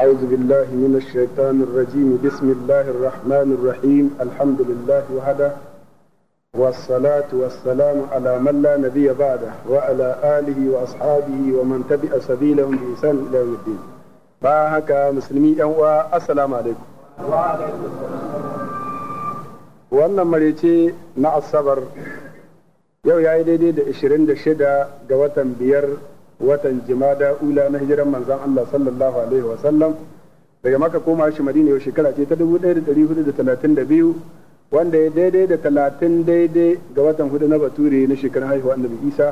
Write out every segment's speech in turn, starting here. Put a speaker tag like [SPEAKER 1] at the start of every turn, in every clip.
[SPEAKER 1] أعوذ بالله من الشيطان الرجيم بسم الله الرحمن الرحيم الحمد لله وحده والصلاة والسلام على من لا نبي بعده وعلى آله وأصحابه ومن تبع سبيلهم بإحسان إلى يوم الدين باهك مسلمي أنواع السلام عليكم wannan marece na asabar yau ya yi daidai da 26 ga watan biyar watan jimada ula na hijiran manzan Allah sallallahu alaihi wa sallam daga maka koma shi madina yau shekara ce ta 1432 wanda ya daidai da 30 daidai ga watan hudu na bature na shekarun haihuwa annabi Isa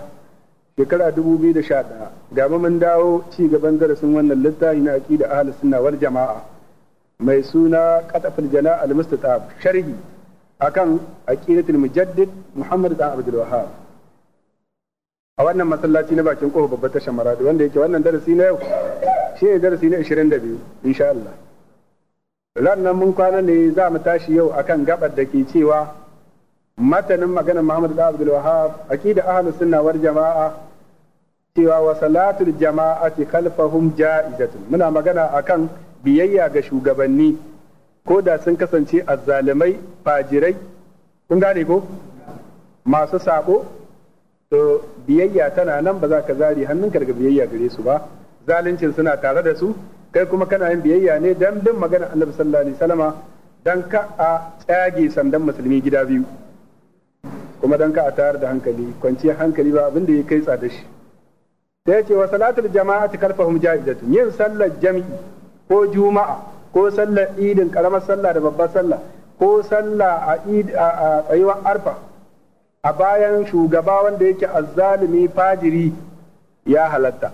[SPEAKER 1] shekara 2011 ga mun dawo ci gaban darasin wannan littafi na aqida ahlus sunna wal jamaa mai suna qatafil jana al mustatab sharhi akan aqidatul mujaddid Muhammad ibn Abdul Wahhab a wannan masallaci na bakin kofa babbar tashar maradi wanda yake wannan darasi na yau shi ne darasi na 22 insha Allah ranar mun kwana ne za mu tashi yau akan gabar da ke cewa matanin maganar Muhammad da Abdul Wahab aqida ahlus sunna wal jamaa cewa wa salatul jama'ati khalfahum ja'izatun muna magana akan biyayya ga shugabanni ko da sun kasance azzalimai fajirai kun gane ko masu sako to biyayya tana nan ba za ka zari hannunka daga biyayya gare su ba zaluncin suna tare da su kai kuma kana yin biyayya ne dan bin magana Annabi sallallahu alaihi wasallama dan ka a tsage sandan musulmi gida biyu kuma dan ka a tayar da hankali kwanciyar hankali ba abin da ya kai tsada shi sai ya ce wa salatul ta kalfahum ja'izatun yin sallar jami'i ko juma'a ko sallar idin karamar sallah da babbar sallah ko sallah a tsayuwar arfa a bayan shugaba wanda yake azzalimi fajiri ya halatta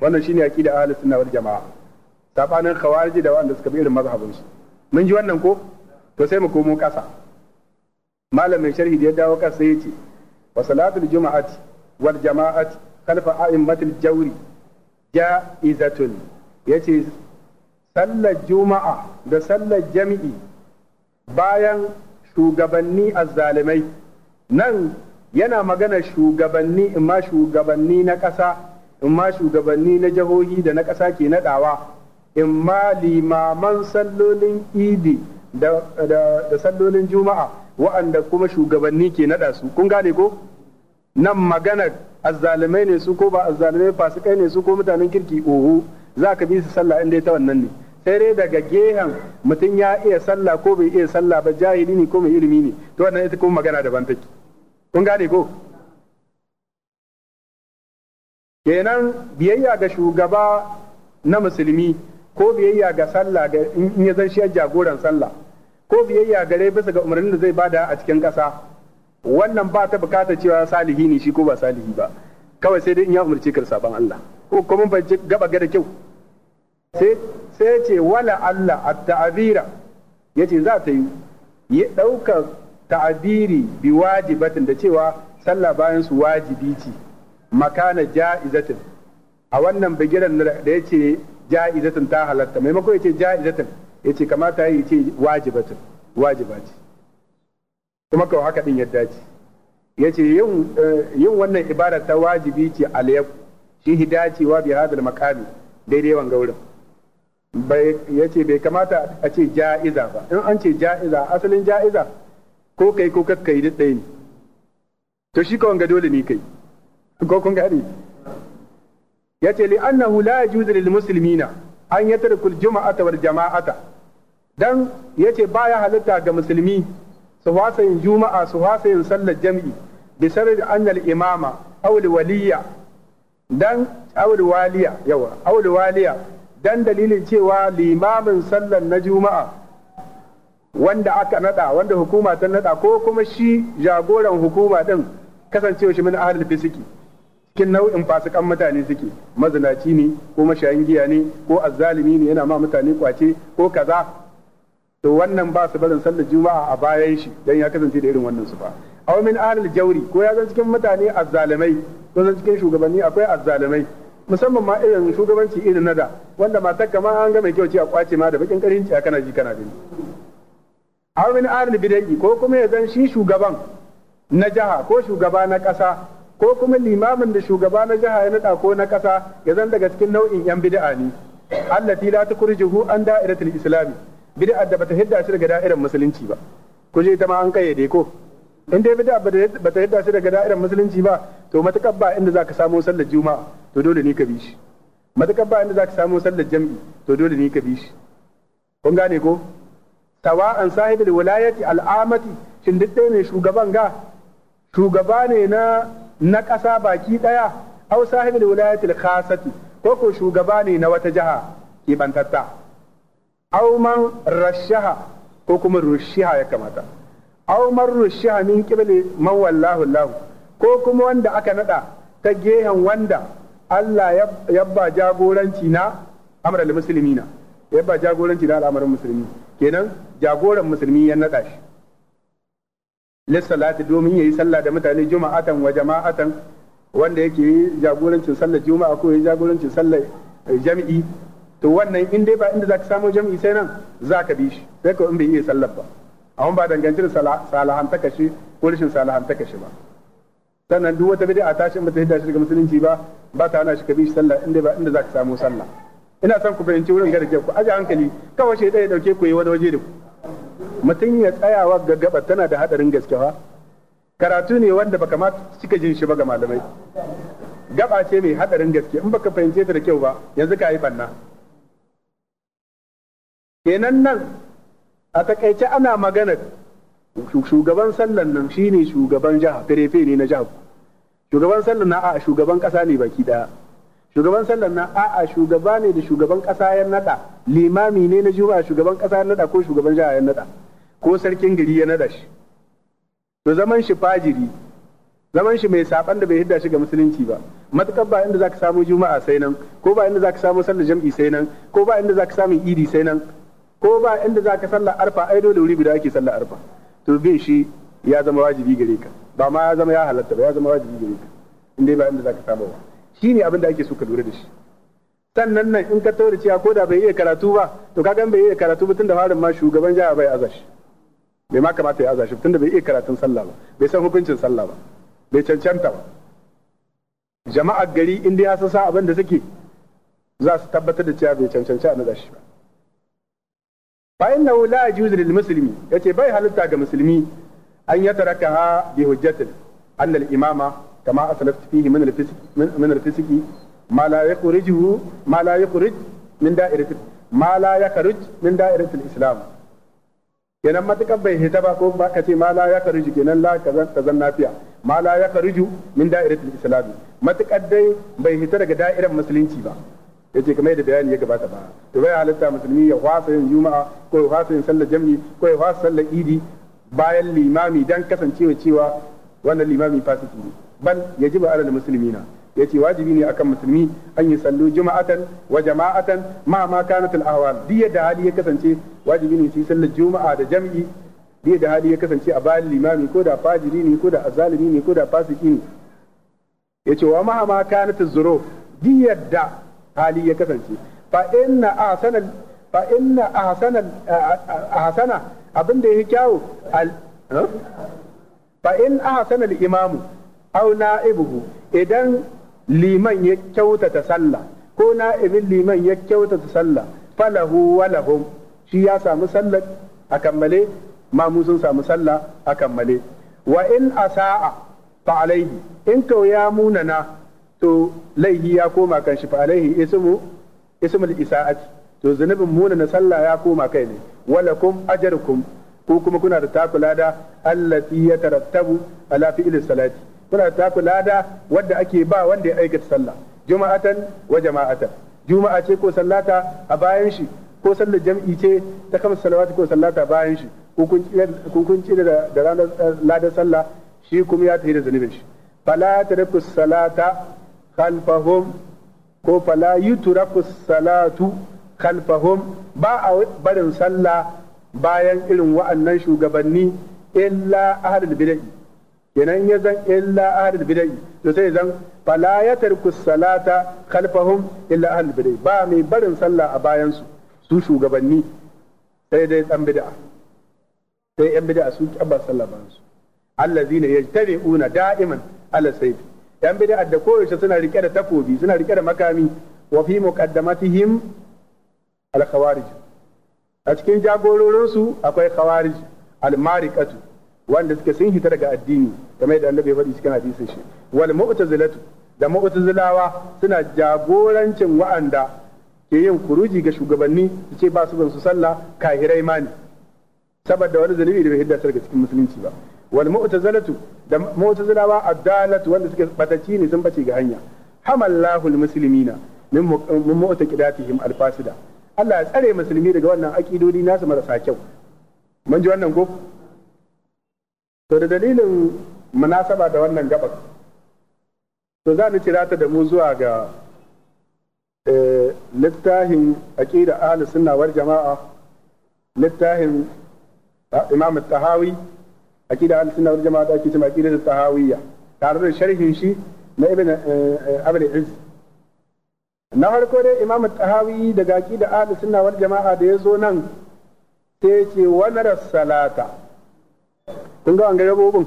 [SPEAKER 1] wannan shine aqida ahlus sunna wal jamaa sabanin khawariji da wanda suka bi irin mazhabin su mun ji wannan ko to sai mu komo kasa malamin sharhi da ya dawo kasa sai yace wa salatul juma'ati wal jama'ati khalfa a'immatil jawri ja'izatun yace sallar juma'a da sallar jami'i bayan shugabanni azzalimai nan yana magana shugabanni in ma shugabanni na ƙasa in ma shugabanni na jihohi da na ƙasa ke naɗawa in ma limaman sallolin idi da, sallolin juma'a wa'anda kuma shugabanni ke naɗa su kun gane ko nan maganar azzalumai ne su ko ba azzalumai fasikai ne su ko mutanen kirki oho za ka bi su sallah inda ta wannan ne sai dai daga gehen mutum ya iya sallah ko bai iya sallah ba jahili ne ko mai ilimi ne to wannan ita kuma magana daban take kun gane ko kenan biyayya ga shugaba na musulmi ko biyayya ga sallah ga in ya zan shiyar jagoran sallah ko biyayya ga rai bisa ga umarnin da zai bada a cikin ƙasa wannan ba ta bukata cewa salihi ne shi ko ba salihi ba kawai sai dai in ya umarci ka saban Allah ko kuma ban gaba gada kyau sai sai ce wala Allah at-ta'zira yace za ta yi ya ɗaukar ta'abiri bi wajibatin da cewa sallah bayan su wajibi ce makana ja'izatin a wannan bigiran da yace ja'izatin ta halatta maimako yace ja'izatin yace kamata yace wajibatin wajiba ce kuma kawai haka din yadda ce yace yin yin wannan ibada ta wajibi ce alyaq shi hidacewa bi hadal makami daidai wanga wurin bai yace bai kamata a ce ja'iza ba in an ce ja'iza asalin ja'iza ko kai ko kakkai duk ɗaya ne to shi kawai ga dole ne kai ko kun gane ya ce li annahu la yajuzu lil muslimina an yatarku al juma'ata wal jama'ata dan yace baya halitta ga musulmi su wasa yin juma'a su wasa yin sallar jam'i bi sarri annal imama aw waliya dan waliya yawa waliya dan dalilin cewa limamin sallar na juma'a wanda aka nada wanda hukuma ta nada ko kuma shi jagoran hukuma din kasancewa shi min ahlul fisiki cikin nau'in fasikan mutane suke mazinaci ne ko mashayin giya ne ko azzalimi ne yana ma mutane kwace ko kaza to wannan ba su barin sallar juma'a a bayan shi dan ya kasance da irin wannan su ba aw min ahlul jawri ko ya zan cikin mutane azzalimai ko zan cikin shugabanni akwai azzalimai musamman ma irin shugabanci irin nada wanda matar kama an ga mai kyau ce a kwace ma da bakin karinci a kana ji kana gani aw min bidai ko kuma ya zan shi shugaban na jiha ko shugaba na ƙasa ko kuma limamin da shugaba na jiha ya nada ko na ƙasa ya zan daga cikin nau'in yan bid'a ne allati la tukrijuhu an da'iratul islami bid'a da bata hidda shi daga da'irar musulunci ba ku je ta ma an kayyade ko in dai bid'a bata hidda shi daga da'irar musulunci ba to matukar ba inda zaka samu sallar juma'a to dole ne ka bi shi Matukar ba inda zaka samu sallar jami'i to dole ne ka bi shi kun gane ko tawa an da wilayati al'amati shin duk ɗaya ne shugaban ga shugaba ne na na ƙasa baki ɗaya au da wilayati al-khasati ko ko shugaba ne na wata jiha ke bantatta au man rashaha ko kuma rushiha ya kamata au man rushiha min kibli man wallahu lahu ko kuma wanda aka nada ta gehen wanda Allah ya ba jagoranci na amrul muslimina ya ba jagoranci na al'amarin muslimina kenan jagoran musulmi ya naɗa shi lissalati domin ya yi sallah da mutane juma'atan wa jama'atan wanda yake jagorancin sallar juma'a ko yi jagorancin sallar eh, jami'i to wannan in dai ba inda ka samu jami'i sai nan zaka bi shi sai ko in bai iya sallar ba amma ba dangantar salahan ta kashi ko rashin salahan ta kashi ba sannan duk wata bid'a a tashin mata hidda shi daga musulunci ba ba ta hana shi ka bi shi sallah dai ba inda ka samu sallah ina son ku fahimci wurin garke ku aje hankali kawai shi ɗaya ɗauke ku yi wani waje da ku mutum ya tsayawa gaggaba tana da hadarin gaske fa karatu ne wanda baka ma cika jin shi ba ga malamai gaba ce mai hadarin gaske in baka fahimce ta da kyau ba yanzu ka yi banna kenan nan a takaice ana magana shugaban sallan nan shine shugaban jiha firefe ne na jiha shugaban sallan na a shugaban kasa ne baki daya shugaban sallan na a'a shugaba ne da shugaban kasa ya nada limami ne na a shugaban kasa ya nada ko shugaban jiha ya nada ko sarkin gari ya nada shi to zaman shi fajiri zaman shi mai saban da bai hidda shi ga musulunci ba matukar ba inda zaka samu juma'a sai nan ko ba inda zaka samu sallar jam'i sai nan ko ba inda zaka samu idi sai nan ko ba inda zaka sallar arfa ai dole wuri guda ake sallar arfa to bin shi ya zama wajibi gare ka ba ma ya zama ya halatta ba ya zama wajibi gare ka inda ba inda zaka samu ba ne abin da ake so ka lura da shi sannan nan in ka tauri cewa ko da bai iya karatu ba to kagan bai iya karatu ba tunda farin ma shugaban jiha bai azashi bai ma kamata ya tun tunda bai iya karatun sallah ba bai san hukuncin sallah ba bai cancanta ba jama'ar gari in dai ya sa abin da suke za su tabbatar da cewa bai cancanci a shi ba fa innahu la yajuzu lil muslimi yace bai halitta ga musulmi an yataraka bi hujjatin anna al imama kama asalafta fihi min al-fisq min al-fisq ma la yukhrijuhu ma la yukhrij min da'irati ma la yakhruj min da'irati islam kenan matakan bai hita ba ko ba ka ce ma la yakhruju kenan la kazan kazan nafiya ma la yakhruju min da'irati islam matakan dai bai hita daga da'irar musulunci ba yace kamar yadda bayani ya gabata ba to bai halatta musulmi ya fasa yin juma'a ko ya fasa yin sallar jami'i ko ya fasa sallar idi bayan limami dan kasancewa cewa wannan limami fasiki ne bal yajibu ala muslimina yace wajibi ne akan musulmi an yi sallu juma'atan wa jama'atan ma ma kanat al ahwal da hali ya kasance wajibi ne su yi sallar juma'a da jam'i diya da hali ya kasance a bayan limami ko da fajiri ne ko da azalimi ko da fasiki ne yace wa ma ma da hali ya kasance fa au na'ibuhu idan liman ya kyautata sallah ko na'ibin liman ya kyautata sallah falahu wa lahum shi ya samu sallah a kammale mamu sun samu sallah a kammale wa in asa'a fa alaihi in kau ya munana to laihi ya koma kan shi fa alaihi ismu ismul isa'ati to zunubin munana sallah ya koma kai ne walakum ajrukum ko kuma kuna da takula takulada allati yatarattabu ala fi'il salati kuna taku lada wadda ake ba wanda ya aikata sallah juma'atan wa jama'atan juma'a ce ko sallata a bayan shi ko sallar jam'i ce ta kama salawati ko sallata bayan shi ko kun ci da ranar eh, ladar sallah shi kuma ya tafi da zunubin shi fala tarku salata khalfahum ko fala yutraku salatu khalfahum ba a barin sallah bayan irin wa'annan shugabanni illa ahlul bid'ah kenan ya zan illa ahlul bidai to sai zan fala ya tarku salata khalfahum illa ahlul bidai ba mai barin sallah a bayan su su shugabanni sai dai dan bid'a sai yan bid'a su kabba sallah bayan su allazina yajtabi'una da'iman ala sayf yan bid'a da koyaushe suna rike da takobi suna rike da makami wa fi muqaddamatihim al khawarij a cikin jagororinsu akwai khawarij al mariqatu wanda suke sun hita daga addini kamar yadda annabi ya faɗi cikin hadisin shi wal mu'tazilatu da mu'tazilawa suna jagorancin wa'anda ke yin kuruji ga shugabanni su ce ba su ban su sallah kahirai ma ne saboda wani zalimi da bai hidda daga cikin musulunci ba wal mu'tazilatu da mu'tazilawa addalatu wanda suke batacci ne sun bace ga hanya hamallahu al muslimina min mu'taqidatihim al fasida Allah ya tsare musulmi daga wannan akidodi nasu marasa kyau mun ji wannan ko to da dalilin munasaba da wannan gabas, to za ni cira ta da mu zuwa ga eh, littahin aqida ahli sunna wal jama'a littahin ah, imam tahawi aqida ahli sunna wal jama'a da ake cewa aqida tahawiyya tare da sharhin shi na ibn eh, eh, abul iz na farko dai imam tahawi daga aqida ahli sunna wal jama'a da yazo nan sai ce wa nara salata kun ga wanga rabobin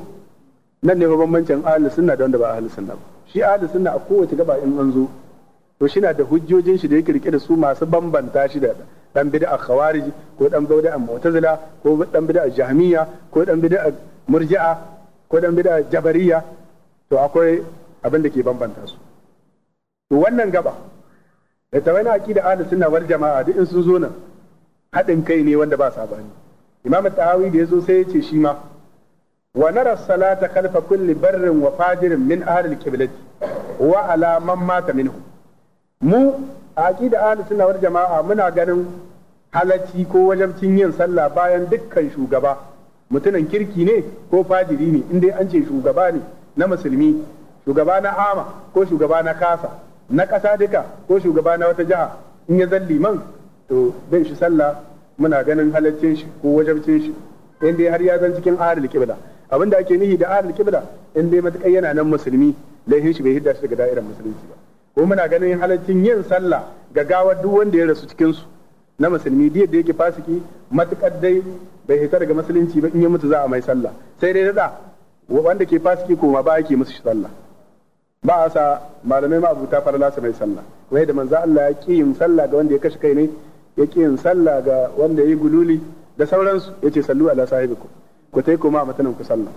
[SPEAKER 1] nan ne bambancin ahlus sunna da wanda ba ahlus sunna ba shi ahlus sunna a kowace gaba in an zo to shi na da hujjojin shi da yake rike da su masu bambanta shi da dan bid'a khawarij ko dan bid'a mu'tazila ko dan bid'a jahmiya ko dan bid'a murji'a ko dan bid'a jabariya to akwai abin da ke bambanta su to wannan gaba da ta wani aqida ahlus sunna wal jama'a duk in sun zo nan haɗin kai ne wanda ba sabani imam tahawi da yazo sai ya ce shi ma wa nara salata khalfa kulli barrin wa fajirin min ahli al-qiblati wa ala man mata mu a aqida ahli sunna wal jama'a muna ganin halacci ko wajabcin yin sallah bayan dukkan shugaba mutumin kirki ne ko fajiri ne in an ce shugaba ne na musulmi shugaba na ama ko shugaba na kasa na kasa duka ko shugaba na wata jiha in ya zan liman to bin shi sallah muna ganin halaccin shi ko wajabcin shi har ya zan cikin ahlul kibla abin da ake nihi da ahlul kibla in dai matakai yana nan musulmi laifin shi bai hidda shi daga da'irar musulunci ba ko muna ganin halaccin yin sallah ga gawar duk wanda ya rasu cikin su na musulmi diyar da yake fasiki matakar dai bai hita daga musulunci ba in ya mutu za a mai sallah sai dai da wanda ke fasiki koma ba yake musu sallah ba a sa malamai ma abuta fara su mai sallah wai da manzo Allah ya ki yin sallah ga wanda ya kashe kai ne ya ki yin sallah ga wanda ya yi gululi da sauransu yace sallu ala sahibikum ku yi koma a matanan ku sallah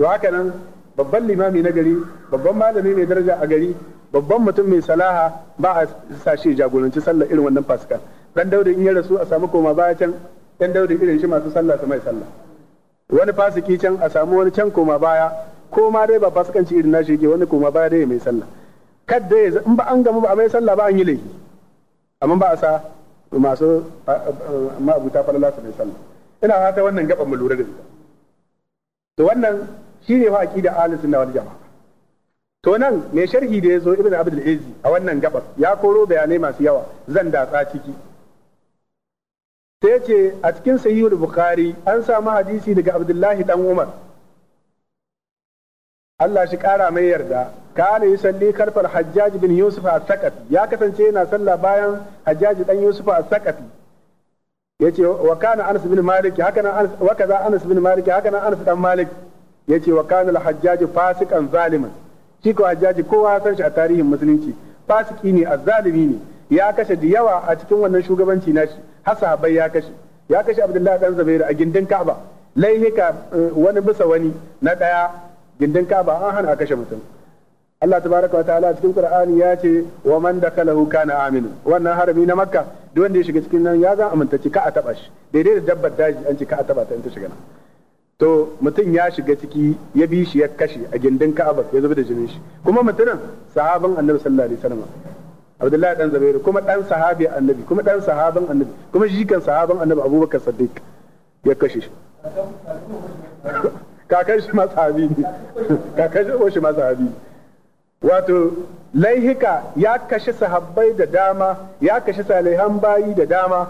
[SPEAKER 1] to haka nan babban limami na gari babban malami mai daraja a gari babban mutum mai salaha ba a sashe jagoranci sallah irin wannan fasikan dan daudi in ya rasu a samu koma baya can dan daudi irin shi masu sallah su mai sallah wani fasiki can a samu wani can koma baya ko ma dai ba fasikanci irin nashi yake wani koma baya dai mai sallah kad ya in ba an gama ba a mai sallah ba an yi laifi amma ba a sa masu ma'abuta falala su mai sallah ina fata wannan gaban mu lura da ita to wannan shi shine fa da ahlus sunna wal jamaa to nan mai sharhi da ya zo ibn abdul aziz a wannan gabas ya koro bayanai masu yawa zan datsa ciki sai ya ce a cikin sahihul bukhari an samu hadisi daga abdullahi ɗan umar Allah shi ƙara mai yarda kana yusalli karfar Hajjaji bin yusuf a sakati ya kasance yana sallah bayan Hajjaji ɗan yusuf a sakati yace wa kana Anas bin Malik haka nan wa kaza Anas bin Malik haka nan Anas dan Malik yace wa kana al-Hajjaj fasiqan zaliman shi ko Hajjaji kowa san shi a tarihin musulunci fasiki ne azzalimi ne ya kashe da yawa a cikin wannan shugabanci nashi hasa bai ya kashe ya kashe Abdullahi dan Zubair a gindin Ka'aba laihika eh, wani bisa wani na daya gindin Ka'aba an hana a kashe mutum Allah tabaraka wa ta'ala cikin Qur'ani ya ce wa man dakalahu kana aminu wannan harami na Makka duk wanda ya shiga cikin nan ya zan aminta ka a taba shi daidai da dabbar daji an ce ka a taba ta in ta shiga nan to mutum ya shiga ciki ya bi shi ya kashe a gindin Ka'aba ya zubi da jinin shi kuma mutumin sahabin Annabi sallallahu alaihi wasallam Abdullahi dan Zubairu kuma dan sahabi Annabi kuma dan sahabin Annabi kuma jikan sahabin Annabi Abubakar Siddiq ya kashe shi kakan shi ma sahabi ne kakan shi ma sahabi ne wato laihika ya kashi sahabbai da dama ya kashi salihan bayi da dama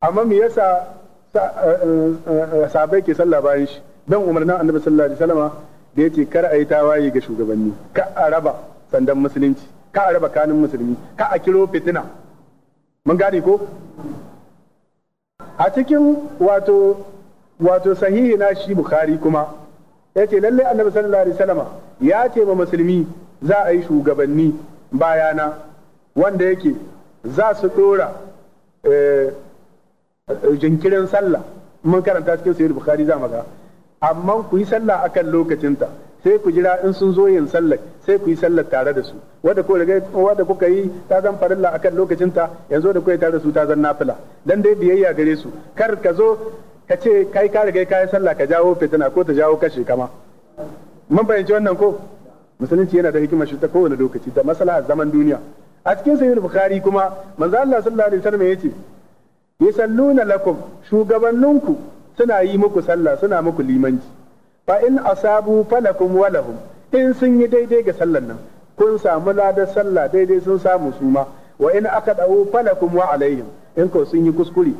[SPEAKER 1] amma me yasa eh, eh, eh, sahabbai ke sallah bayan shi dan umarnin annabi sallallahu alaihi wasallama da yace kar a yi tawaye ga shugabanni ka a raba sandan musulunci ka a raba kanin musulmi ka a kiro fitina mun gane ko a cikin wato wato sahihi na shi bukhari kuma yace lalle annabi sallallahu alaihi wasallama ya ce ma musulmi za a yi shugabanni bayana wanda yake za su ɗora eh, jinkirin sallah mun karanta cikin sayyid bukhari za maza amma ku yi sallah akan lokacinta sai ku jira in sun zo yin sallah sai ku yi sallah tare da su wanda ko daga wanda kuka yi ta zan farilla akan lokacinta yanzu da kuka tare da su ta zan nafila dan dai biyayya gare su kar ka zo ka ce kai ka riga kai sallah ka jawo fitina ko ta jawo kashe kama mun fahimci wannan ko musulunci yana da hikima shi ta kowane lokaci da maslahar zaman duniya a cikin sahih bukhari kuma manzo Allah sallallahu alaihi wasallam yace yasalluna lakum shugabanninku suna yi muku sallah suna muku limanci fa in asabu falakum walahum in sun yi daidai ga sallar nan kun samu ladar sallah daidai sun samu su ma wa in aka dawo falakum wa alaihim in ko sun yi kuskure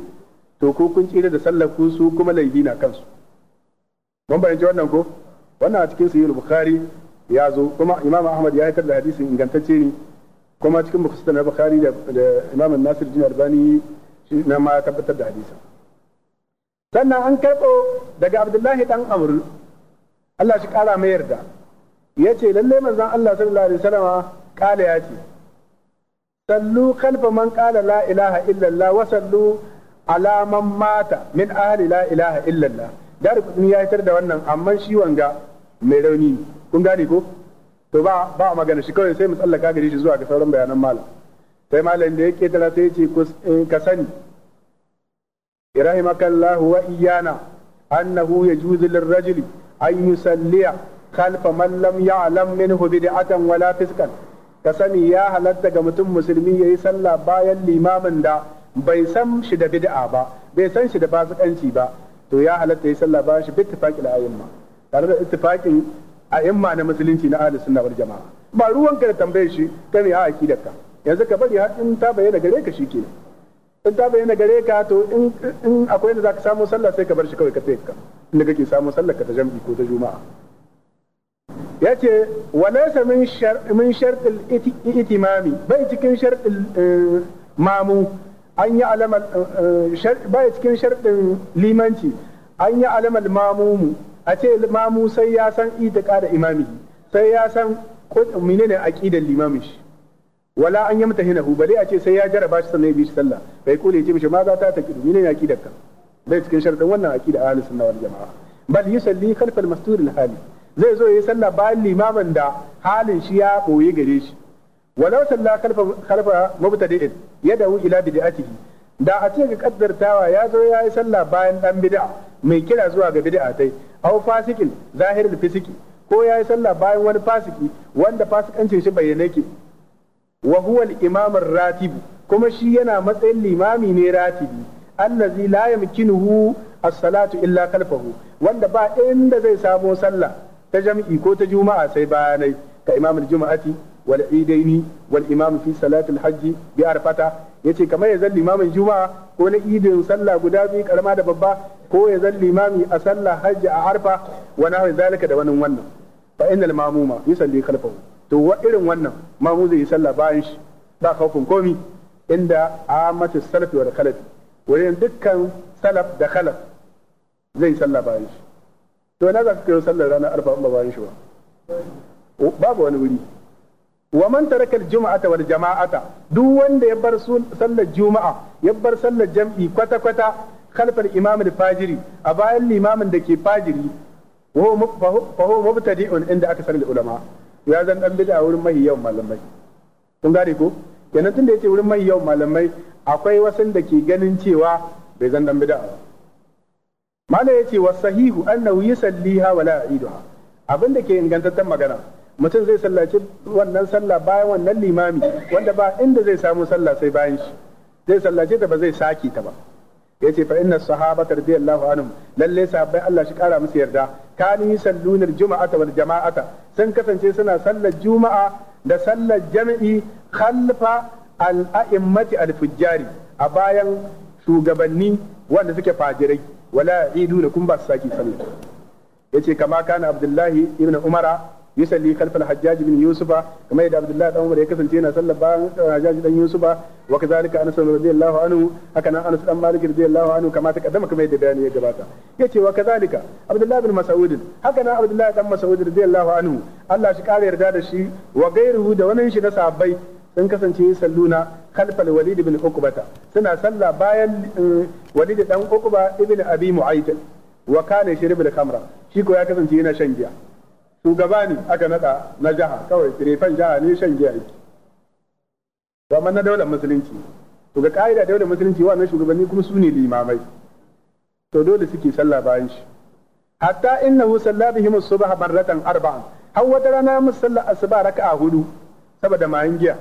[SPEAKER 1] to ko kun tsira da sallar ku su kuma laifi na kansu mun bayyana wannan ko wannan a cikin sahih bukhari ya zo kuma imam ahmad ya haifar da hadisin ingantacce ne kuma cikin da na bukhari da imam nasir jin albani shi na ma tabbatar da hadisin sannan an karɓo daga abdullahi dan amr Allah shi ƙara mai yarda ya ce lalle manzon Allah sallallahu alaihi wasallam kala ya ce sallu khalfa man qala la ilaha illallah wa sallu ala man mata min ahli la ilaha illallah dari kudin ya fitar da wannan amma shi wanga mai rauni kun gane ko to ba ba magana shi kawai sai mu tsallaka gare shi zuwa ga sauran bayanan malam sai malam da ya ketara sai ya ce eh, ka sani rahimakallahu wa iyana annahu yajuzu lirrajuli an yusalliya khalfa man lam ya'lam minhu bid'atan wala fiskan ka sani ya halatta ga mutum musulmi yayi sallah bayan limamin da bai san shi da bid'a ba bai san shi da fasikanci ba to ya halatta yayi sallah bayan shi bittifaqil ayyuma tare da ittifaqin a imma na musulunci na ahlus sunna wal jama'a ba ruwanka da tambaye shi ta me a akidarka yanzu ka bari har in ta bayyana gare ka shi shikenan in ta bayyana gare ka to in in akwai da zaka samu sallah sai ka bar shi kawai ka tafi ka inda kake samu sallah ka ta jam'i ko ta juma'a yace walaysa min shar min shart itimami bai cikin shart eh, mamu an yi alamar eh, eh, bai cikin shartin limanci an yi alamar mamumu a ce limamu sai ya san itiqa da imami sai ya san ko menene aqidar limamin shi wala an yamta hinahu bale a ce sai ya jaraba shi sannan ya bi shi sallah bai kole ya ce mishi ma za ta ta taqidu menene aqidar ka bai cikin sharadin wannan aqida ahlus sunna wal jamaa bal yusalli khalfal mastur al hali zai zo yi sallah bayan limamin da halin shi ya boye gare shi walau sallah khalfa khalfa mubtadi'in yadahu ila bid'atihi da a ce ga kaddartawa ya zo ya yi sallah bayan dan bid'a mai kira zuwa ga bid'a tai aw fasikin zahirul fisiki ko yayi sallah bayan wani fasiki wanda fasikancin shi bayyane ke wa huwa al-imam ratib kuma shi yana matsayin limami ne ratibi allazi la yamkinuhu as-salatu illa kalfahu wanda ba inda zai samo sallah ta jam'i ko ta juma'a sai bayanai ka imam al-juma'ati wal idaini wal imam fi salatil hajji bi arfata yace kamar ya zan limamin juma'a ko na idin sallah guda biyu karama da babba ko ya zan limami a sallah hajji a harfa wa na nahwi zalika da wani wannan fa innal mamuma yusalli khalfahu to wa irin wannan mamu zai yi sallah bayan shi ba kaufin komi inda a amatu salafi wal khalaf wurin dukkan salaf da khalaf zai sallah bayan shi to na za ka kai sallar ranar arfa ba bayan shi ba babu wani wuri wa man taraka al-jum'ata wal jama'ata duk wanda ya bar sallar juma'a ya bar sallar jam'i kwata kwata kalfar imamul fajiri a bayan limamin da ke fajiri fa huwa mubtadi'un inda aka sanar da ulama ya zan dan bid'a wurin mahi yawan malamai kun gane ko kenan tunda yace wurin mahi yawan malamai akwai wasan da ke ganin cewa bai zan dan bid'a ba malai yace wasahihu annahu yusalliha wa la ya'iduha abin da ke ingantaccen magana mutum zai sallaci wannan sallah bayan wannan limami wanda ba inda zai samu sallah sai bayan shi zai sallace ta ba zai saki ta ba Ya ce fa inna sahabata radiyallahu anhum lalle sahabbai Allah shi kara musu yarda kani salluna aljum'ata wal jama'ata sun kasance suna sallar juma'a da sallar jami'i khalfa al-a'immati al-fujjari a bayan shugabanni wanda suke fajirai wala iduna kun ba su saki sallah yace kama kana abdullahi ibn umara yusalli khalfal hajjaj bin yusufa kamar yadda abdullahi dan umar ya kasance yana sallar bayan eh, hajjaj dan yusufa wa kazalika anas radiyallahu anhu haka kaddama kamar yadda bayani ya gabata yace wa kazalika abdullahi bin mas'ud haka abdullahi dan mas'ud radiyallahu anhu Allah shi kare yarda da shi wa gairuhu da wannan shi na sahabbai sun kasance salluna khalfal walid bin uqbata suna salla bayan eh, walid dan uqba ibin abi mu'ayth wa kana shirib al-khamra shi ko ya kasance yana shan jiya. shugaba ne aka nada na jaha kawai firifan jaha ne shan giya yake to amma na daular musulunci to ga ka'ida daular musulunci wannan shugabanni kuma su ne limamai to dole suke sallah bayan shi hatta innahu salla bihim subha barratan arba'an har wata rana musalla asuba a hudu saboda mayin giya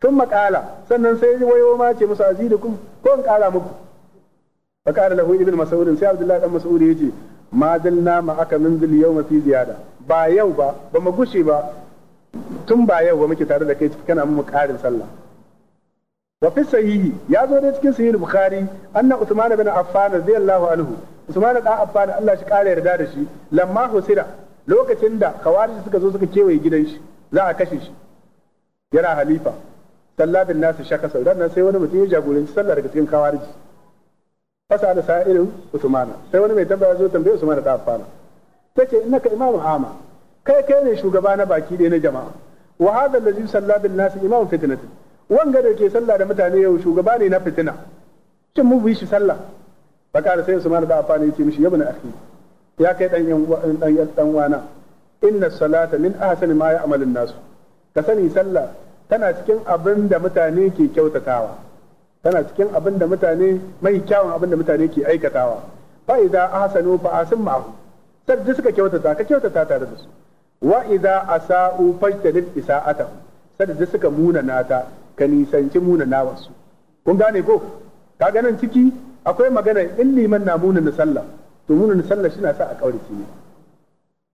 [SPEAKER 1] tun makala sannan sai wayo ma ce musu azidukum ko in kara muku fa qala lahu ibn mas'ud sai abdullahi dan mas'ud yace ma dalna ma aka min zil yawma fi ziyada ba yau ba ba mu gushe ba tun ba yau ba muke tare da kai kana mu karin sallah wa fi sahihi ya zo da cikin sahih bukhari anna usman bin affan radiyallahu anhu usman da affan Allah shi kare yarda da shi lamma husira lokacin da khawarij suka zo suka kewaye gidan shi za a kashe shi yana halifa sallabin nasu shaka sauran nan sai wani mutum ya jagoranci sallah daga cikin khawarij fasa da sa'irin usman sai wani mai tambaya zo tambaye usman da affan ta ce naka imamu ama kai kai ne shugaba na baki ɗaya na jama'a wa hadha allazi salla bin nasi imamu fitnatin wanga da ke sallah da mutane yau shugaba ne na fitina shin mu bi shi sallah fakara sai usman da afani yace mishi yabna akhi ya kai dan yan dan dan wana inna salata min ahsani ma ya'malun nasu ka sani sallah tana cikin abin da mutane ke kyautatawa tana cikin abin da mutane mai kyawun abin da mutane ke aikatawa fa idza ahsanu fa asim ma'hu ta duk suka kyautata ka kyautata tare da su wa idza asa'u fajtalib isa'atahu sada duk suka muna nata ka nisanci nawa su kun gane ko ka ganin ciki akwai magana in liman na muna sallah to muna sallah shi na sa a kaurace ne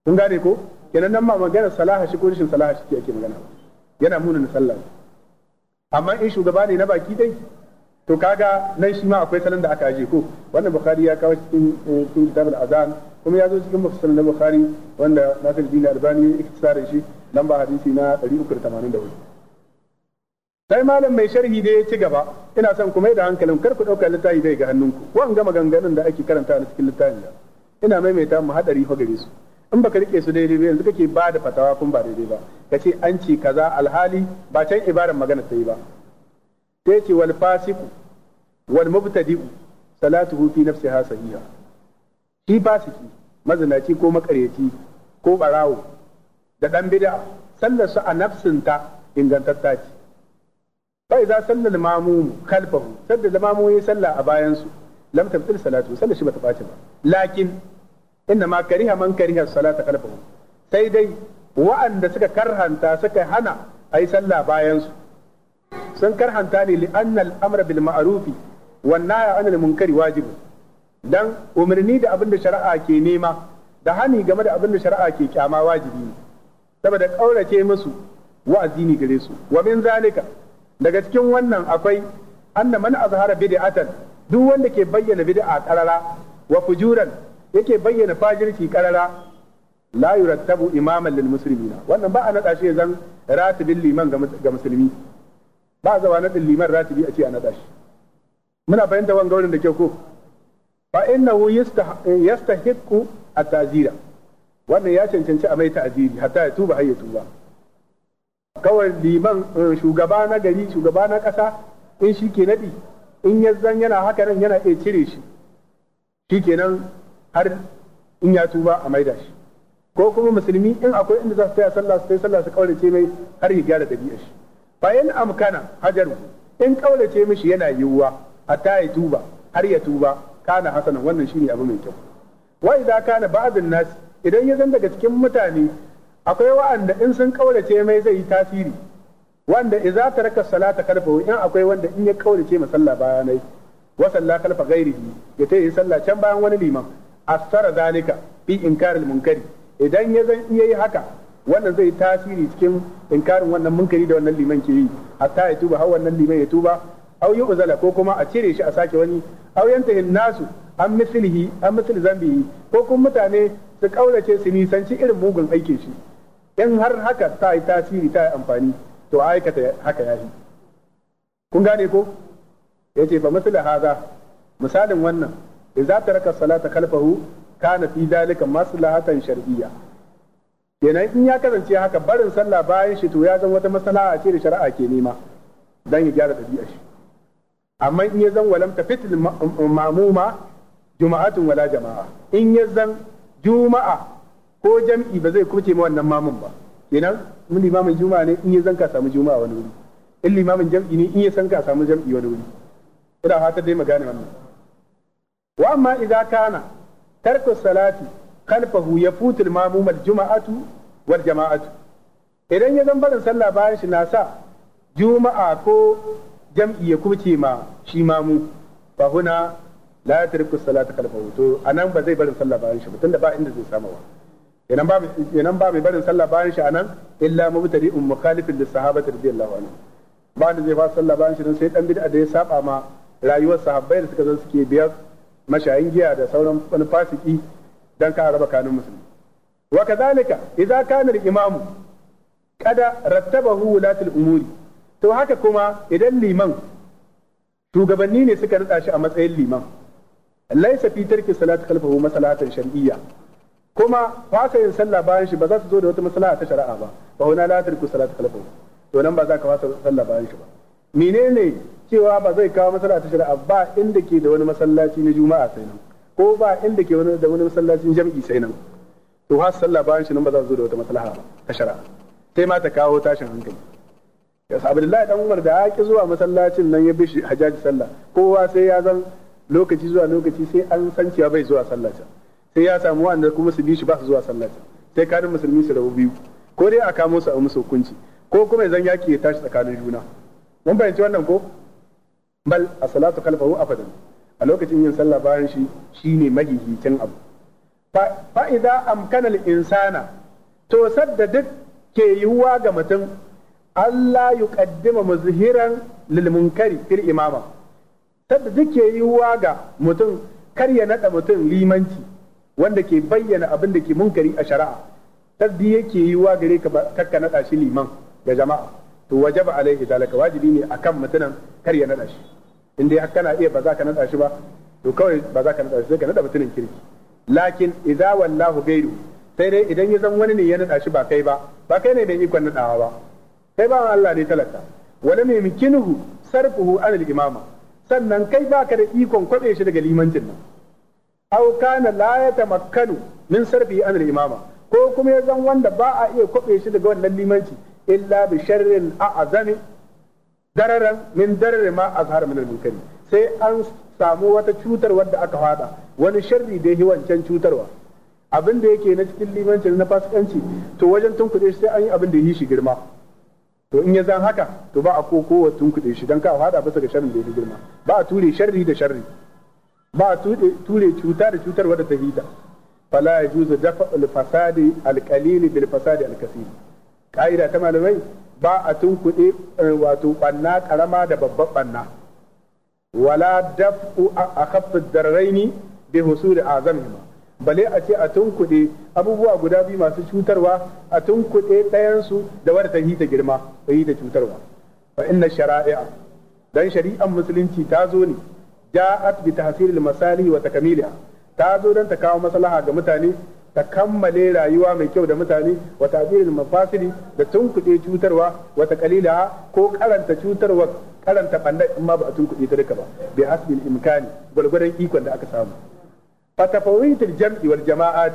[SPEAKER 1] kun gane ko kenan nan ma magana salaha shi ko rashin salaha shi ake magana yana muna sallah amma in shugaba ne na baki dai to kaga nan shi ma akwai salon da aka aje ko wannan bukhari ya kawo cikin eh, kitabul azan kuma ya zo cikin mafsal na bukhari wanda nasir dina albani ya iktisare shi lamba hadisi na 384 sai malam mai sharhi da ya ci gaba ina son kuma da hankalin kar ku dauka littafi dai ga hannunku ko an gama ganganin da ake karanta a cikin littafin da ina maimaita mu hadari fa gare su in baka rike su daidai ba yanzu kake ba da fatawa kun ba daidai ba kace an ce kaza alhali ba can ibaran magana yi ba sai ce wal fasiku wal mubtadi'u salatuhu fi nafsiha sahiha shi fasiki mazinaci ko makareci ko barawo da ɗan bida sallar su a nafsinta ingantatta ce bai za sallar mamu kalfahu sallar da mamu yi sallah a bayansu lam tabtil salatu sallar shi bata ɓaci ba lakin inna ma kariha man kariha salata kalfahu sai dai wa'anda suka karhanta suka hana a yi sallah bayansu sun karhanta ne li'annal amra bil ma'rufi wan nahya anil munkari wajibun dan umarni da abin da shari'a ke nema da hani game da abin da shari'a ke kyama wajibi ne saboda ƙaurace musu wa'azi ne gare su wa min zalika daga cikin wannan akwai anna man azhara bid'atan duk wanda ke bayyana bid'a karara wa fujuran yake bayyana fajirci karara la yurattabu imaman lil muslimina wannan ba a nada shi zan ratibin liman ga musulmi ba zawa nadin liman ratibi a ce a nada shi muna fahimta wannan gaurin da ke ko fa innahu yastahiqqu at-ta'zira wannan ya cancanci a mai ta'ziri hatta ya tuba hayya tuba kawai liman shugaba na gari shugaba na ƙasa in shi ke naɗi in ya zan yana haka nan yana iya cire shi shi kenan har in ya tuba a maida shi ko kuma musulmi in akwai inda za su taya sallah su taya sallah su kaurace mai har ya gyara dabi'ar shi fa in amkana hajaru in kaurace mishi yana yiwuwa hatta ya tuba har ya tuba kana hasanan wannan shine abu mai kyau wa idza kana ba'dun nas idan ya zan daga cikin mutane akwai wa'anda in sun kaurace mai zai yi tasiri wanda idza taraka salata kalfahu in akwai wanda in ya kaurace masalla bayanai wa salla kalfa ghairihi ya ta yi sallah can bayan wani liman asara zalika fi inkaril munkari idan ya zan iya yi haka wannan zai tasiri cikin inkarin wannan munkari da wannan liman ke yi hatta ya tuba har wannan liman ya tuba aw uzala ko kuma a cire shi a sake wani aw yantahin nasu an mislihi an misli zambihi ko kuma mutane su kaurace su nisanci irin mugun aikin shi in har haka ta yi tasiri ta yi amfani to aikata haka yayi kun gane ko yace fa misli haza misalin wannan idza taraka salata kalfahu kana fi dalika maslahatan shar'iyya kenan in ya kasance haka barin sallah bayan shi to ya zama wata masalaha ce da shari'a ke nema dan ya gyara ɗabi'a shi amma in ya zan walam fitil mamuma juma'atun wala jama'a in ya zan juma'a ko jam'i ba zai kuce ma wannan mamun ba kenan mun limamin juma'a ne in ya zan ka samu juma'a wani wuri in limamin jam'i ne in ya san ka samu jam'i wani wuri ina fata dai mu gane wannan wa amma idza kana tarku salati khalfahu yafutul al-mamum jumaatu wal jama'atu idan ya zan barin sallah bayan shi na sa juma'a ko jam'i ya kuce ma shi ma mu fa huna la tarku salata kalfahu to anan ba zai barin sallah bayan shi da ba inda zai samu ba kenan ba kenan ba mai barin sallah bayan shi anan illa mubtadi'un mukhalifin lis sahabati radiyallahu anhu ba da zai fara sallah bayan shi sai dan bid'a da ya saba ma rayuwar sahabbai da suka zo suke biyar mashayin giya da sauran wani fasiki dan ka raba kanun musulmi wa kadhalika idza kana al-imamu kada rattabahu wulatul umuri to haka kuma idan liman shugabanni ne suka nutsa shi a matsayin liman laisa fi tarki salatu kalfahu masalatan shar'iyya kuma fasa yin sallah bayan shi ba za su zo da wata masala ta shari'a ba ba huna la tarku salatu kalfahu to nan ba za ka fasa sallah bayan shi ba menene cewa ba zai kawo masala ta shari'a ba inda ke da wani masallaci na juma'a sai nan ko ba inda ke wani da wani masallacin jam'i sai nan to fasa sallah bayan shi nan ba za su zo da wata masala ta shari'a sai ma ta kawo tashin hankali ya abdullahi dan umar da ya zuwa masallacin nan ya bi shi hajjaji sallah kowa sai ya zan lokaci zuwa lokaci sai an san cewa bai zuwa sallah sai ya samu wanda kuma su bi shi ba su zuwa sallah sai karin musulmi su rabu biyu ko dai a kamo su a musu hukunci ko kuma ya zan yaki ya tashi tsakanin juna mun fahimci wannan ko bal as-salatu khalfahu afadan a lokacin yin sallah bayan shi ne magigicin abu Fa'ida idza insana to sadda duk ke yiwuwa ga mutum Allah yuqaddima muzhiran lil munkari fil imama sadda yi yiwuwa ga mutum kar ya nada mutum limanci wanda ke bayyana abin da ke munkari a shari'a sadda yake yiwuwa gare ka kakka nada shi liman ga jama'a to wajaba alaihi zalika wajibi ne akan mutumin kar ya nada shi in dai kana iya ba za ka nada shi ba to kawai ba za ka nada shi sai ka nada mutumin kirki lakin idza wallahu gairu sai dai idan ya zan wani ne ya nada shi ba kai ba ba kai ne mai ikon nadawa ba kai ba Allah ne talaka wala mai mikinuhu sarfuhu anil imama sannan kai baka da ikon kwabe shi daga limancin nan aw kana la yatamakkanu min sarfi anil imama ko kuma ya zan wanda ba a iya kwabe shi daga wannan limanci illa bi sharril a'zami dararan min darari ma azhar min al sai an samu wata cutar wadda aka fada wani sharri da yi wancan cutarwa abin da yake na cikin limancin na fasikanci to wajen tunkuɗe shi sai an yi abin da yi shi girma to in ya zan haka to ba a ko kowa tunkuɗe shi don ka fada bisa ga sharri da ya girma ba a ture sharri da sharri ba a ture cuta da cutar wadda ta hita fala ya juzu dafa alfasadi alkalili bil fasadi alkasiri ka'ida ta malamai ba a tunkuɗe eh, wato ɓanna ƙarama da babban ɓanna wala daf'u a khaffid darraini bi husuli azamihima bale a ce a tunkuɗe abubuwa guda biyu masu cutarwa a tunkuɗe ɗayansu da wadda ta yi ta girma ta yi ta cutarwa fa inna shari'a dan shari'an musulunci ta zo ne ja'at bi tahsilil masalihi wa kamiliya, ta zo dan ta kawo maslaha ga mutane ta kammale rayuwa mai kyau da mutane wa ta'dilil mafasili da tunkuɗe cutarwa wa taqalila ko karanta cutarwa karanta banda in ba a tunkuɗe ta duka ba bi hasbil imkani gwargwaron ikon da aka samu fatafawit al-jam'i jama'a jama'at